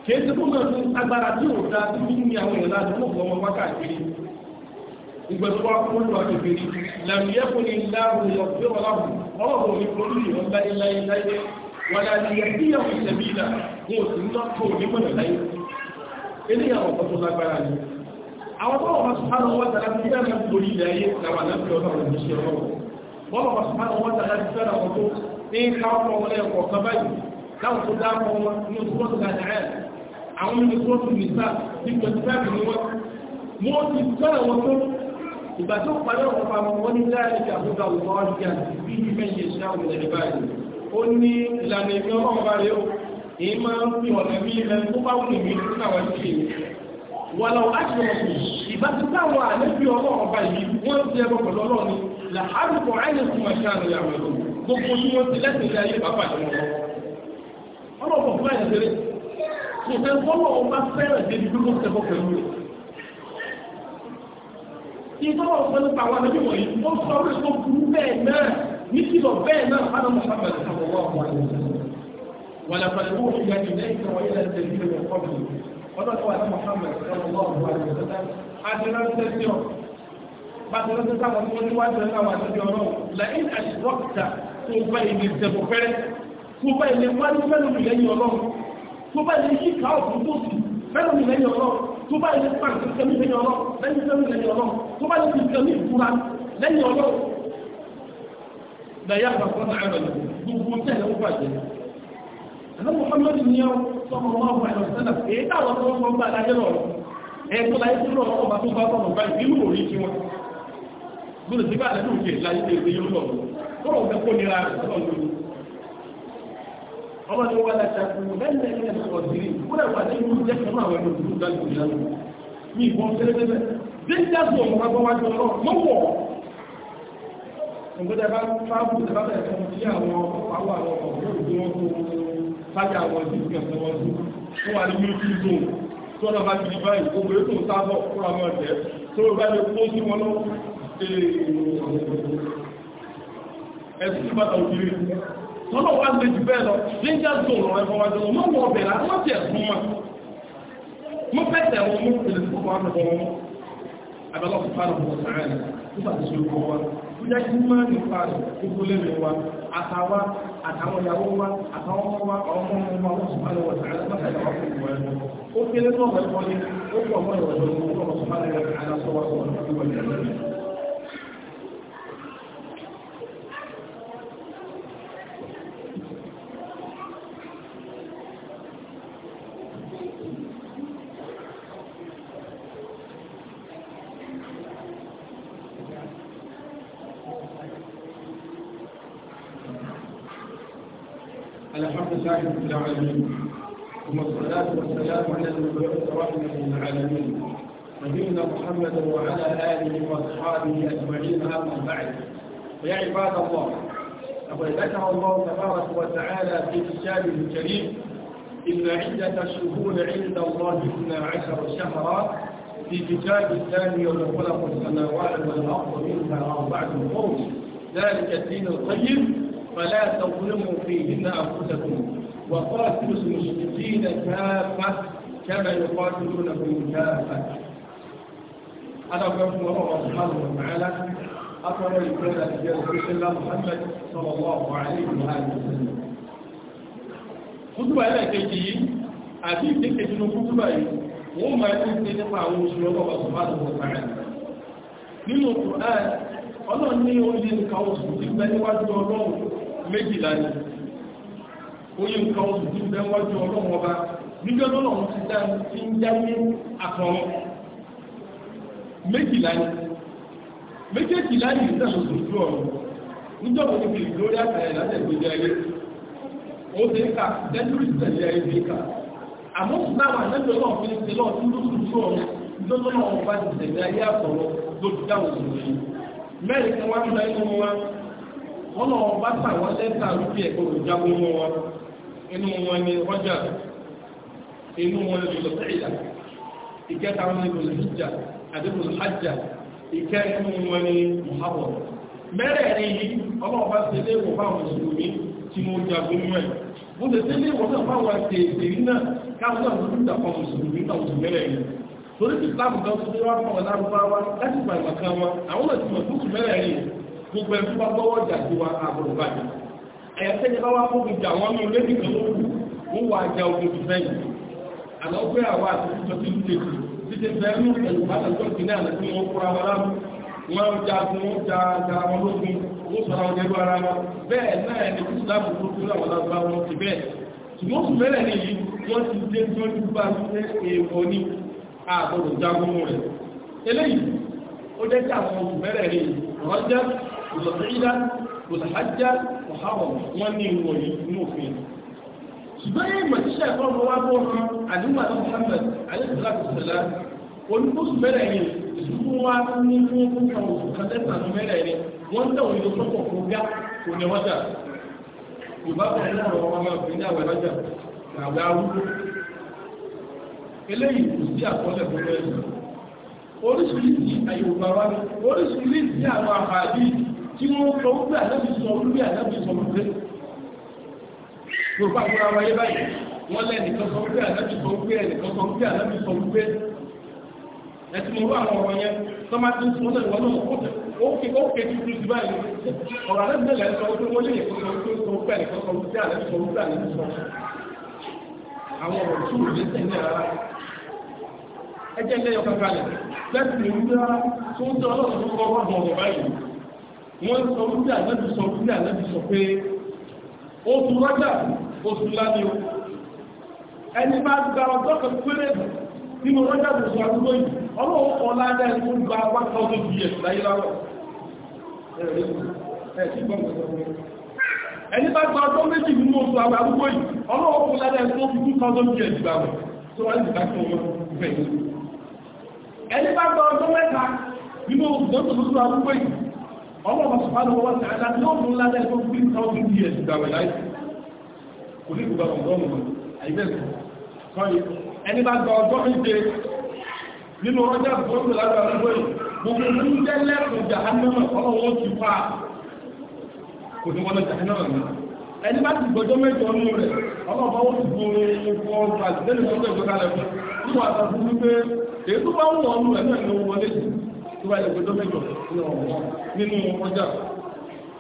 kì í ṣe fún mi agbára tí ò da tó ní àwọn èèyàn láti mọ̀ fún ọmọ wákàtí ìgbẹ̀tọ́wà fún ìwà kèfèrè lẹ́mìíyẹ́kùn ní láàrùn yọ̀fẹ́ ọ̀làbùn ọlọ́run ní kòrò yọ̀ láyé láyé láyé wà láyé yẹ̀kíyàwó ìṣẹ̀bílà ní òsì ń tọ́kọ̀ onímọ̀nà láyé eléyàwó ọ̀pọ̀ tó lágbára ni àwọn bọ́ọ̀ bá wọ́n tàbí bí dáná ní pẹ̀lú báyìí ni wọ́n ti fẹ́ràn wọn tó ìgbà tó parí ọ̀rọ̀ pàmò wọ́n ní láàrín àbúgbà ọ̀rọ̀ ọ̀rọ̀ bí i méje ṣáwọn ilẹ̀ báyìí ó ní ìlànà ìgbẹ́ ọlọ́run bá rẹ̀ ó èyí máa ń fi ọ̀nà bí ilẹ̀ tó bá wùn mí fún àwọn ìṣe wà lọ láti ọ̀sùn ìbá ti táwọn àlẹ́bí ọlọ́run kò fẹ́ fọ́lọ́ ọba fẹ́rẹ̀ débi gbogbo tẹ́kọ̀ pẹ̀lú rẹ̀ tí tó wọ́n fẹ́ nípa àwọn àdébí wọ̀nyí ó sọ orí tó burú bẹ́ẹ̀ náà ní kìlọ̀ bẹ́ẹ̀ náà fáwọn mọ̀sáfẹ́ àwọ̀wọ́ àwọn àdébí ولقد أوحي إليك وإلى الذين من قبلك wọ́n ti wájú ẹ̀ láwọn lẹ́yìn àṣìwọ́kìtà tó bá ilé tó bá yẹ fún àti kẹmí lẹ́yìn ọlọ́ lẹ́yìn kẹmí lẹ́yìn ọlọ́ tó bá yẹ fún kẹmí ìfura lẹ́yìn ọlọ́ lẹ́yìn àgbàkọ́ náà rẹ̀ gbogbo tẹ̀lé ó bàjẹ́ àná Muhammadu ní ọ sọmọ ọmọ ọmọ ẹ̀rọ sẹ́lẹ̀ èyí táwọn tó ń gbọ́ adájọ́ lọ ẹ̀kọ́ láyé tó lọ́wọ́ ọba tó bá sọmọ bá ìlú òrí kí wọn gbọ́dọ̀ sí bá àdájọ́ òkè láyé tó ìgbéyàwó lọ́wọ́ tó rọ̀ ọ̀gbẹ́ kó nira rẹ̀ sọ́dọ̀ lórí ọmọ tó wà láti àkùnrin lẹ́yìn ẹ̀yìn ẹ̀sìn ọ̀sìnrì kúrò wà ní ìlú jẹ́ kí wọ́n àwọn ẹ̀rọ ìlú dájú ìyá lọ ní ìbọn tẹ́lẹ̀tẹ́lẹ̀ dídá tó ọmọ bá wá jọ lọ mọ́wọ́ ìgbésẹ̀ bá fáàbù ìjọba bẹ̀rẹ̀ fún sí àwọn tọ́lọ́ wá lè jù bẹ́ẹ̀ lọ níjà tó lọ́rọ̀ ẹ̀fọ́ wájú wọn mọ̀ wọ́n bẹ̀rẹ̀ àwọn tiẹ̀ fún wọn mo fẹ́ tẹ̀ wọn mo tẹ̀lé fún wọn àtọ̀ wọn abẹ́lọ́ fún fáàlù fún ọ̀sán rẹ̀ nígbà tó ṣe lọ́wọ́ wa ó jẹ́ kí máa ní fáàlù gbogbo lẹ́nu wa àtàwa àtàwọn ìyàwó wa àtàwọn ọmọ wa àwọn ọmọ wa wọ́n sì máa lọ wọ̀sán rẹ̀ لله رب العالمين ثم الصلاة والسلام على المبعوث رحمة للعالمين نبينا محمد وعلى آله وأصحابه أجمعين أما بعد فيا عباد الله لقد ذكر الله تبارك وتعالى في كتابه الكريم إن عدة الشهور عند الله اثنا عشر شهرا في كتاب الثاني يوم خلق السماوات والأرض منها أربعة قرون ذلك الدين القيم فلا تظلموا فيهن أنفسكم وقاتل المشركين كافة كما يقاتلونكم كافة أنا أقول الله سبحانه وتعالى أقرأ الكلام رسول الله محمد صلى الله عليه وآله وسلم خطبة لك جيد àti ìdíkẹ̀ nínú kúrúbà yìí wọ́n máa ń ṣe nípa àwọn oṣù lọ́wọ́ subhanahu wa ta'ala nínú Qur'an ní oúnjẹ nìkan oṣù gbẹ́ níwájú ọlọ́run méjìlá yìí oye nǹkan oṣù tí ń bẹ wájú ọlọ́run ọba níjọ́ tó lọ́run ti dá ti ń jáde àtọ̀run méjìlá ni méjèèjìlá yìí ń tẹ̀sọ̀ sòtú ọ̀run níjọ́ tó ti fi lórí àtàrẹ̀ látẹ̀gbẹ̀jẹ̀ ayé ó ti ń kà dẹ́túrì tẹ̀lé ayé ti ń kà àmọ́ fún àwọn àjẹ́jọ́ náà fi ń tẹ̀lọ́ tí ló sùn tó ọ̀run níjọ́ tó lọ́run ọba ti tẹ̀lé ayé àtọ̀run ló ti dáhùn sí i mẹ́rin kan wá ń bá inú wọn wọn náà bá tàwọn lẹ́tà lókè ẹ̀kọ́ òjágbó wọn inú wọn ni rọ́jà inú wọn ni lọ́sẹ̀ìlà ìkẹta wọn ni lọ́sẹ̀ìjà àdébò hajjá ìkẹ inú wọn ni muhammad mẹ́rẹ̀ẹ̀rin yìí ọlọ́ọ̀bá ṣe lé wọ̀ fáwọn mùsùlùmí tí mo jagun mẹ́ mo lè délé wọ́n náà fáwọn àti èdè náà káwọn náà lórí ìdàpọ̀ mùsùlùmí náà oṣù mẹ́rẹ̀ẹ̀rin torí ti láàbù kan tó wá fún ọ̀nà àrùbáwá láti gbàgbà kan wọn àwọn ètò ìmọ̀ gbogbo mẹ́rẹ̀ẹ̀rin gbogbo ẹ̀fún bá gbọ́wọ́ jà sí wa àbọ̀rọ̀ bàjẹ́ ẹ̀ẹ́sẹ́jẹ́ bá wá fóbi jà wọ́n ní olóbi kan ló kù ó wà jà ogun ti fẹ́ yìí àlọ́ pé àwọn àtúntò ti ń tètè títí bẹ́ẹ̀ ní ẹ̀lú pàtàkì ní àná tí wọ́n kóra wọn láàmú wọ́n ń jagun wọ́n ja ara wọn lógun wọ́n sọ àwọn ẹgbẹ́ ara wọn bẹ́ẹ̀ náà ẹni tó dáàbò tó tó láwọn lágbá wọn ti bẹ́ẹ̀ ṣùgbọ́n oṣù mẹ́rẹ̀ nìyí wọ́n ti dé tó ní bá ṣe èèwọ̀ ní àgbọ̀dọ̀ jagun rẹ̀ eléyìí ó jẹ́ òtàjá ọ̀háwọ̀ wọ́n ní ìwọ̀ inú òfin ṣùgbọ́n yẹ́ ìmọ̀ tíṣà ẹ̀kọ́ ọmọ wá bọ́ ọ̀rọ̀ àdúgbà tó Muhammad alẹ́sìláàtìsìlá olùkóṣù mẹ́rẹ̀ ni ìṣubú wa ní fún kúkà oṣù kàtẹ́sà ní mẹ́rẹ̀ ni wọ́n tẹ̀ òní tó fún gá kò ní wọ́jà yorùbá bẹ̀rẹ̀ náà wọ́n máa fi ní àwẹ̀ lọ́jà àwẹ̀ arúgbó eléyìí kò sí àkọọ́lẹ̀ fún mẹ́rin oríṣiríṣi àyòbá wa tí wọ́n lọ wípé ànábì sọ wípé ànábì sọ wípé yorùbá àgbọ̀rọ̀ àwọn ayé báyìí wọ́n lẹ́ nìkan sọ wípé ànábì sọ wípé ẹnìkan sọ wípé ànábì sọ wípé ẹtì mo wá àwọn ọ̀rọ̀ yẹn tọ́mátì ń sọ lẹ́nu wọn náà ó ké ó ké tuntun sí báyìí ọ̀rọ̀ ànábì náà lẹ́nu sọ wípé wọ́n lé nìkan sọ wípé sọ wípé ẹnìkan sọ wípé ànábì sọ wípé ànábì sọ àwọn ọ̀rọ̀ tí ò lé ọ̀rọ̀ wọ́n sọ wípé àlẹ́bí sọ wípé àlẹ́bí sọ pé oṣù rọ́jà oṣù lábí o ẹni bá gba ọjọ́ kan péré nínú rọ́jà oṣù àdúgbò yìí ọlọ́wọ́ kan láyé tó gba one thousand years láyé láwọ̀ ẹni bá gba ọjọ́ méjì nínú oṣù àdúgbò yìí ọlọ́wọ́ kan láyé tó fi two thousand years gbà wọ̀ tó wáyé ìgbà tó wọ́n bẹ̀rẹ̀ ẹni bá gba ọjọ́ mẹ́ta nínú oṣù àdúgbò yìí ọlọ́run subhanahu wa ta'ala yóò mú ládẹ́ tó bí káwọn bí ẹ̀ gbàwẹ̀ láì kò ní ìgbà ọgọ́rùn ún àìbẹ̀sù sọ́yìn ẹni bá gba ọjọ́ ìgbé nínú ọjọ́ ìgbóhùn lára àdúgbò yìí gbogbo ní jẹ́ lẹ́kùn jahannama ọlọ́run ti fa kò ní wọ́n jahannama náà ẹni bá ti gbọjọ́ mẹ́jọ nù rẹ̀ ọlọ́ba ó ti gbòòrò ọkọ̀ ọgbà lẹ́nu ọjọ́ ìgbọ́kalẹ̀ fún wọn àtàkùn wípé èyí tó bá wù ọ́nù ẹ̀ náà tó bá ìgbẹ́jọ́ mẹ́jọ nínú ọjà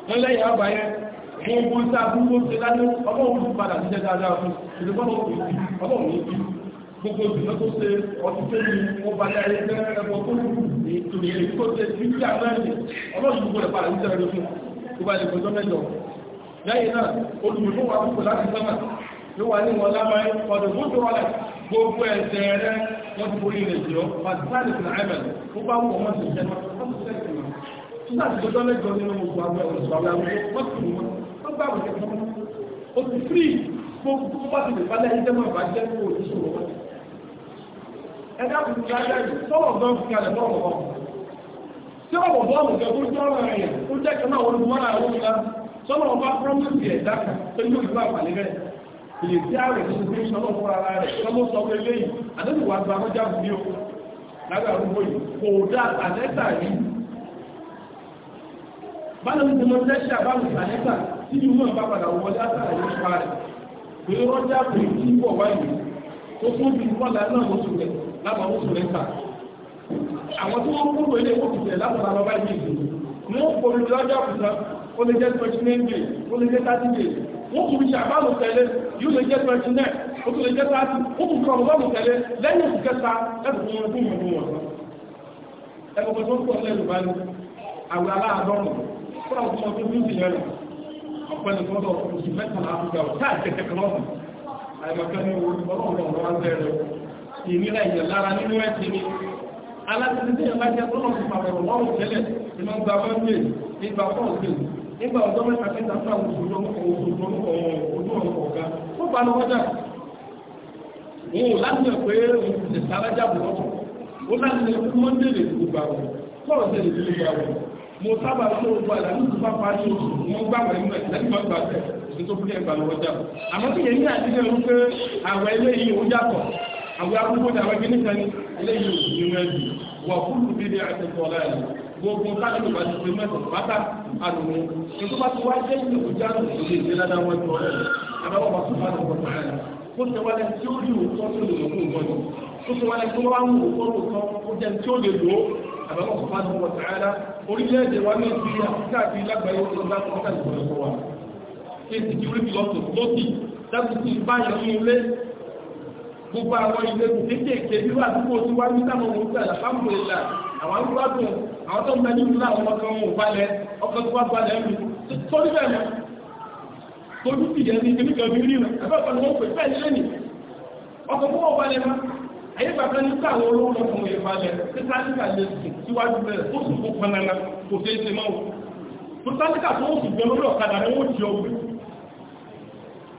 wọ́n lẹ́yìn àbáyẹ wọ́n wọ́n sá gbogbo ṣe láti ọmọ òun ti padà sí dáadáa fún ìdíkọ́nà òun ọmọ òun ti gbogbo ìdíná tó ṣe ọtí tó ní wọ́n bá ní ayé tẹ́lẹ̀ ẹ̀kọ́ tó ní ìtòlẹ̀ èyí tó ṣe ti ti àmẹ́rin ọmọ òun gbogbo rẹ̀ padà sí dáadáa fún tó bá ìgbẹ́jọ́ mẹ́jọ lẹ́yìn náà olùmọ̀ gbogbo ẹ̀sẹ̀ rẹ wọ́n ti borí rẹ̀ jọ pàtàkì fún àìmẹ̀ ó bá wọ́n wọ́n ti jẹ́ wọ́n ti sẹ́kì wọn nígbà tí ọjọ́ mẹ́jọ nínú gbogbo àwọn ẹ̀wọ̀n ìgbà wọn wọ́n ti wọ́n wọ́n gbà wọ́n jẹ́ fún ó ti fírí gbogbo bá ti lè balẹ̀ ẹjẹ́ mọ́ ìbá jẹ́ fún òṣìṣẹ́ wọn ẹ̀dá kùn ti ajá yìí sọ́wọ́ gan fi kalẹ̀ bọ́ọ̀mù bọ́ọ̀mù tí ọ̀bọ̀ bọ́ọ̀mù jẹ́ kó jẹ́ ọ̀rọ̀ ẹ̀yẹ̀ ó jẹ́ kan náà wọ́n ti wọ́n ra àwọn ìlànà èyí tí ààrẹ ní ìgbé ìṣọ́lọ́ fún ara rẹ̀ tọ́lọ́ sọ pé lẹ́yìn àdẹ́bùwà gba mọ́já fún ní okùn lágbà arúgbó yìí kò dá àlẹ́tà yìí báyọ̀ ní mo tẹ́ṣẹ́ àbáwọ̀ àlẹ́tà tí ìlú náà bá padà wọ́n dáta yìí pa rẹ̀ pé rọ́jà pé kí pọ̀ wáyé tó tún bí kọ́lá náà lóṣù rẹ̀ lábà oṣù rẹ̀ ta àwọn tí wọ́n kúrò ilé ìwòkùnjẹ̀ lábàbà báyìí ní ìlú ó lè jẹ́ twenty nine days ó lè jẹ́ thirty days wọ́n kò fi ṣàbámu tẹ̀lé yóò lè jẹ́ twenty nine ó tún lè jẹ́ thirty ó kò fi ọ̀rọ̀mọ́mù tẹ̀lé lẹ́yìn oṣù kẹta ẹ̀sùn fún wọn fún wọn tó ń ọ̀rọ̀ lọ́rùn tẹ́lẹ̀ ìmọ̀ gbà wọ́n gbé ìgbà nígbà ọjọ́ mẹ́ta mẹ́ta sáwọn ojú ọ̀rọ̀ ọ̀gá ó bá lọ wọ́jà òun láti ẹ̀ pé òṣìṣẹ́ sárájà bùrọ̀ ó láti ẹ̀ fún mọ́ndé lè gbogbo àwọn fọ́ọ̀rọ̀ tẹ̀lé gbogbo àwọn mo sábà tó gbogbo àlà ní ìtúfà parí oṣù wọn gbà wẹ̀ nígbà lẹ́yìn wọn gbà tẹ̀ ṣe tó fún ẹgbà lọ́wọ́ jà àmọ́ kí yẹn ní àdíjẹ́ ń pé àwọn ilé yìí ó yàtọ̀ àwọn arúgbó ni àwọn ẹgbẹ́ níta ni ilé yìí ò ní rẹ̀ jù wà fún ìdílé àti ìtọ́lá ẹ̀ gbogbo káàdì tó bá ti fi mẹ́sàn-án pátá àlùmí nígbà bá ti wá jẹ́ ìlú jáàmù tó lè dé ládàá wọn tó ọ̀rọ̀ àbáwọ̀ bá tún bá lọ́wọ́ tààrà kó ṣe wálé tí ó rí òótọ́ tó lè lòókù gbọ́dọ̀ kó ṣe wálé tí wọ́n wá ń wò ó lòótọ́ ó jẹ́ tí ó lè lò ó àbáwọ̀ bá tún bá tààrà orílẹ̀-èdè wa ní ìdí àfíkà àti lágbàáyé ó lọ́dá tó kọ́ta ìgbọ̀dọ̀ gbogbo àwọn ìlẹ́kùn kéékèèké nínú àdúgbò tí wọ́n ní sáwọn ọmọ òwúrọ̀ àlàfáàmùlélà àwọn arúgbó àdùn àwọn tó ń bẹ nínú náà wọn kan wọn ò balẹ̀ ọkọ̀ tó wá balẹ̀ ń torí bẹ́ẹ̀ mọ́ torí tìjẹ́ ní ibi kan bí rí rẹ̀ ẹgbẹ́ kan wọ́n pè bẹ́ẹ̀ lẹ́nì ọkọ̀ tó wọ́n balẹ̀ mọ́ ayé bàbá ní sáwọn olówó ọkùnrin ìbalẹ̀ títàlíkà lè sùn síwájú bẹ̀rẹ̀ tó sùn kó panana kò tẹ́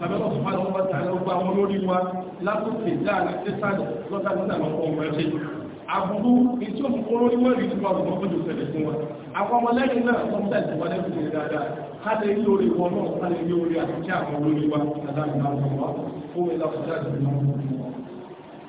sàbẹ̀wò sùpàdé wọn bá tààlà ọgbà wọn lórí wa látòkè dáàlà tẹ́sàdì lọ́tà nígbà lọ́pọ̀ ọmọ ẹ̀ṣẹ́ àbúrú ìtí òun kó lórí wọ́n rí ti wà lọ́pọ̀ jù fẹ̀lẹ̀ fún wa àwọn ọmọlẹ́yìn náà wọ́n tẹ̀ sí wọlé fún mi dáadáa ká lè rí orí wọn náà ká lè rí orí àti kí àwọn olórí wa àdáàbò náà wọ́n wá fún mi lọ́pọ̀ jáde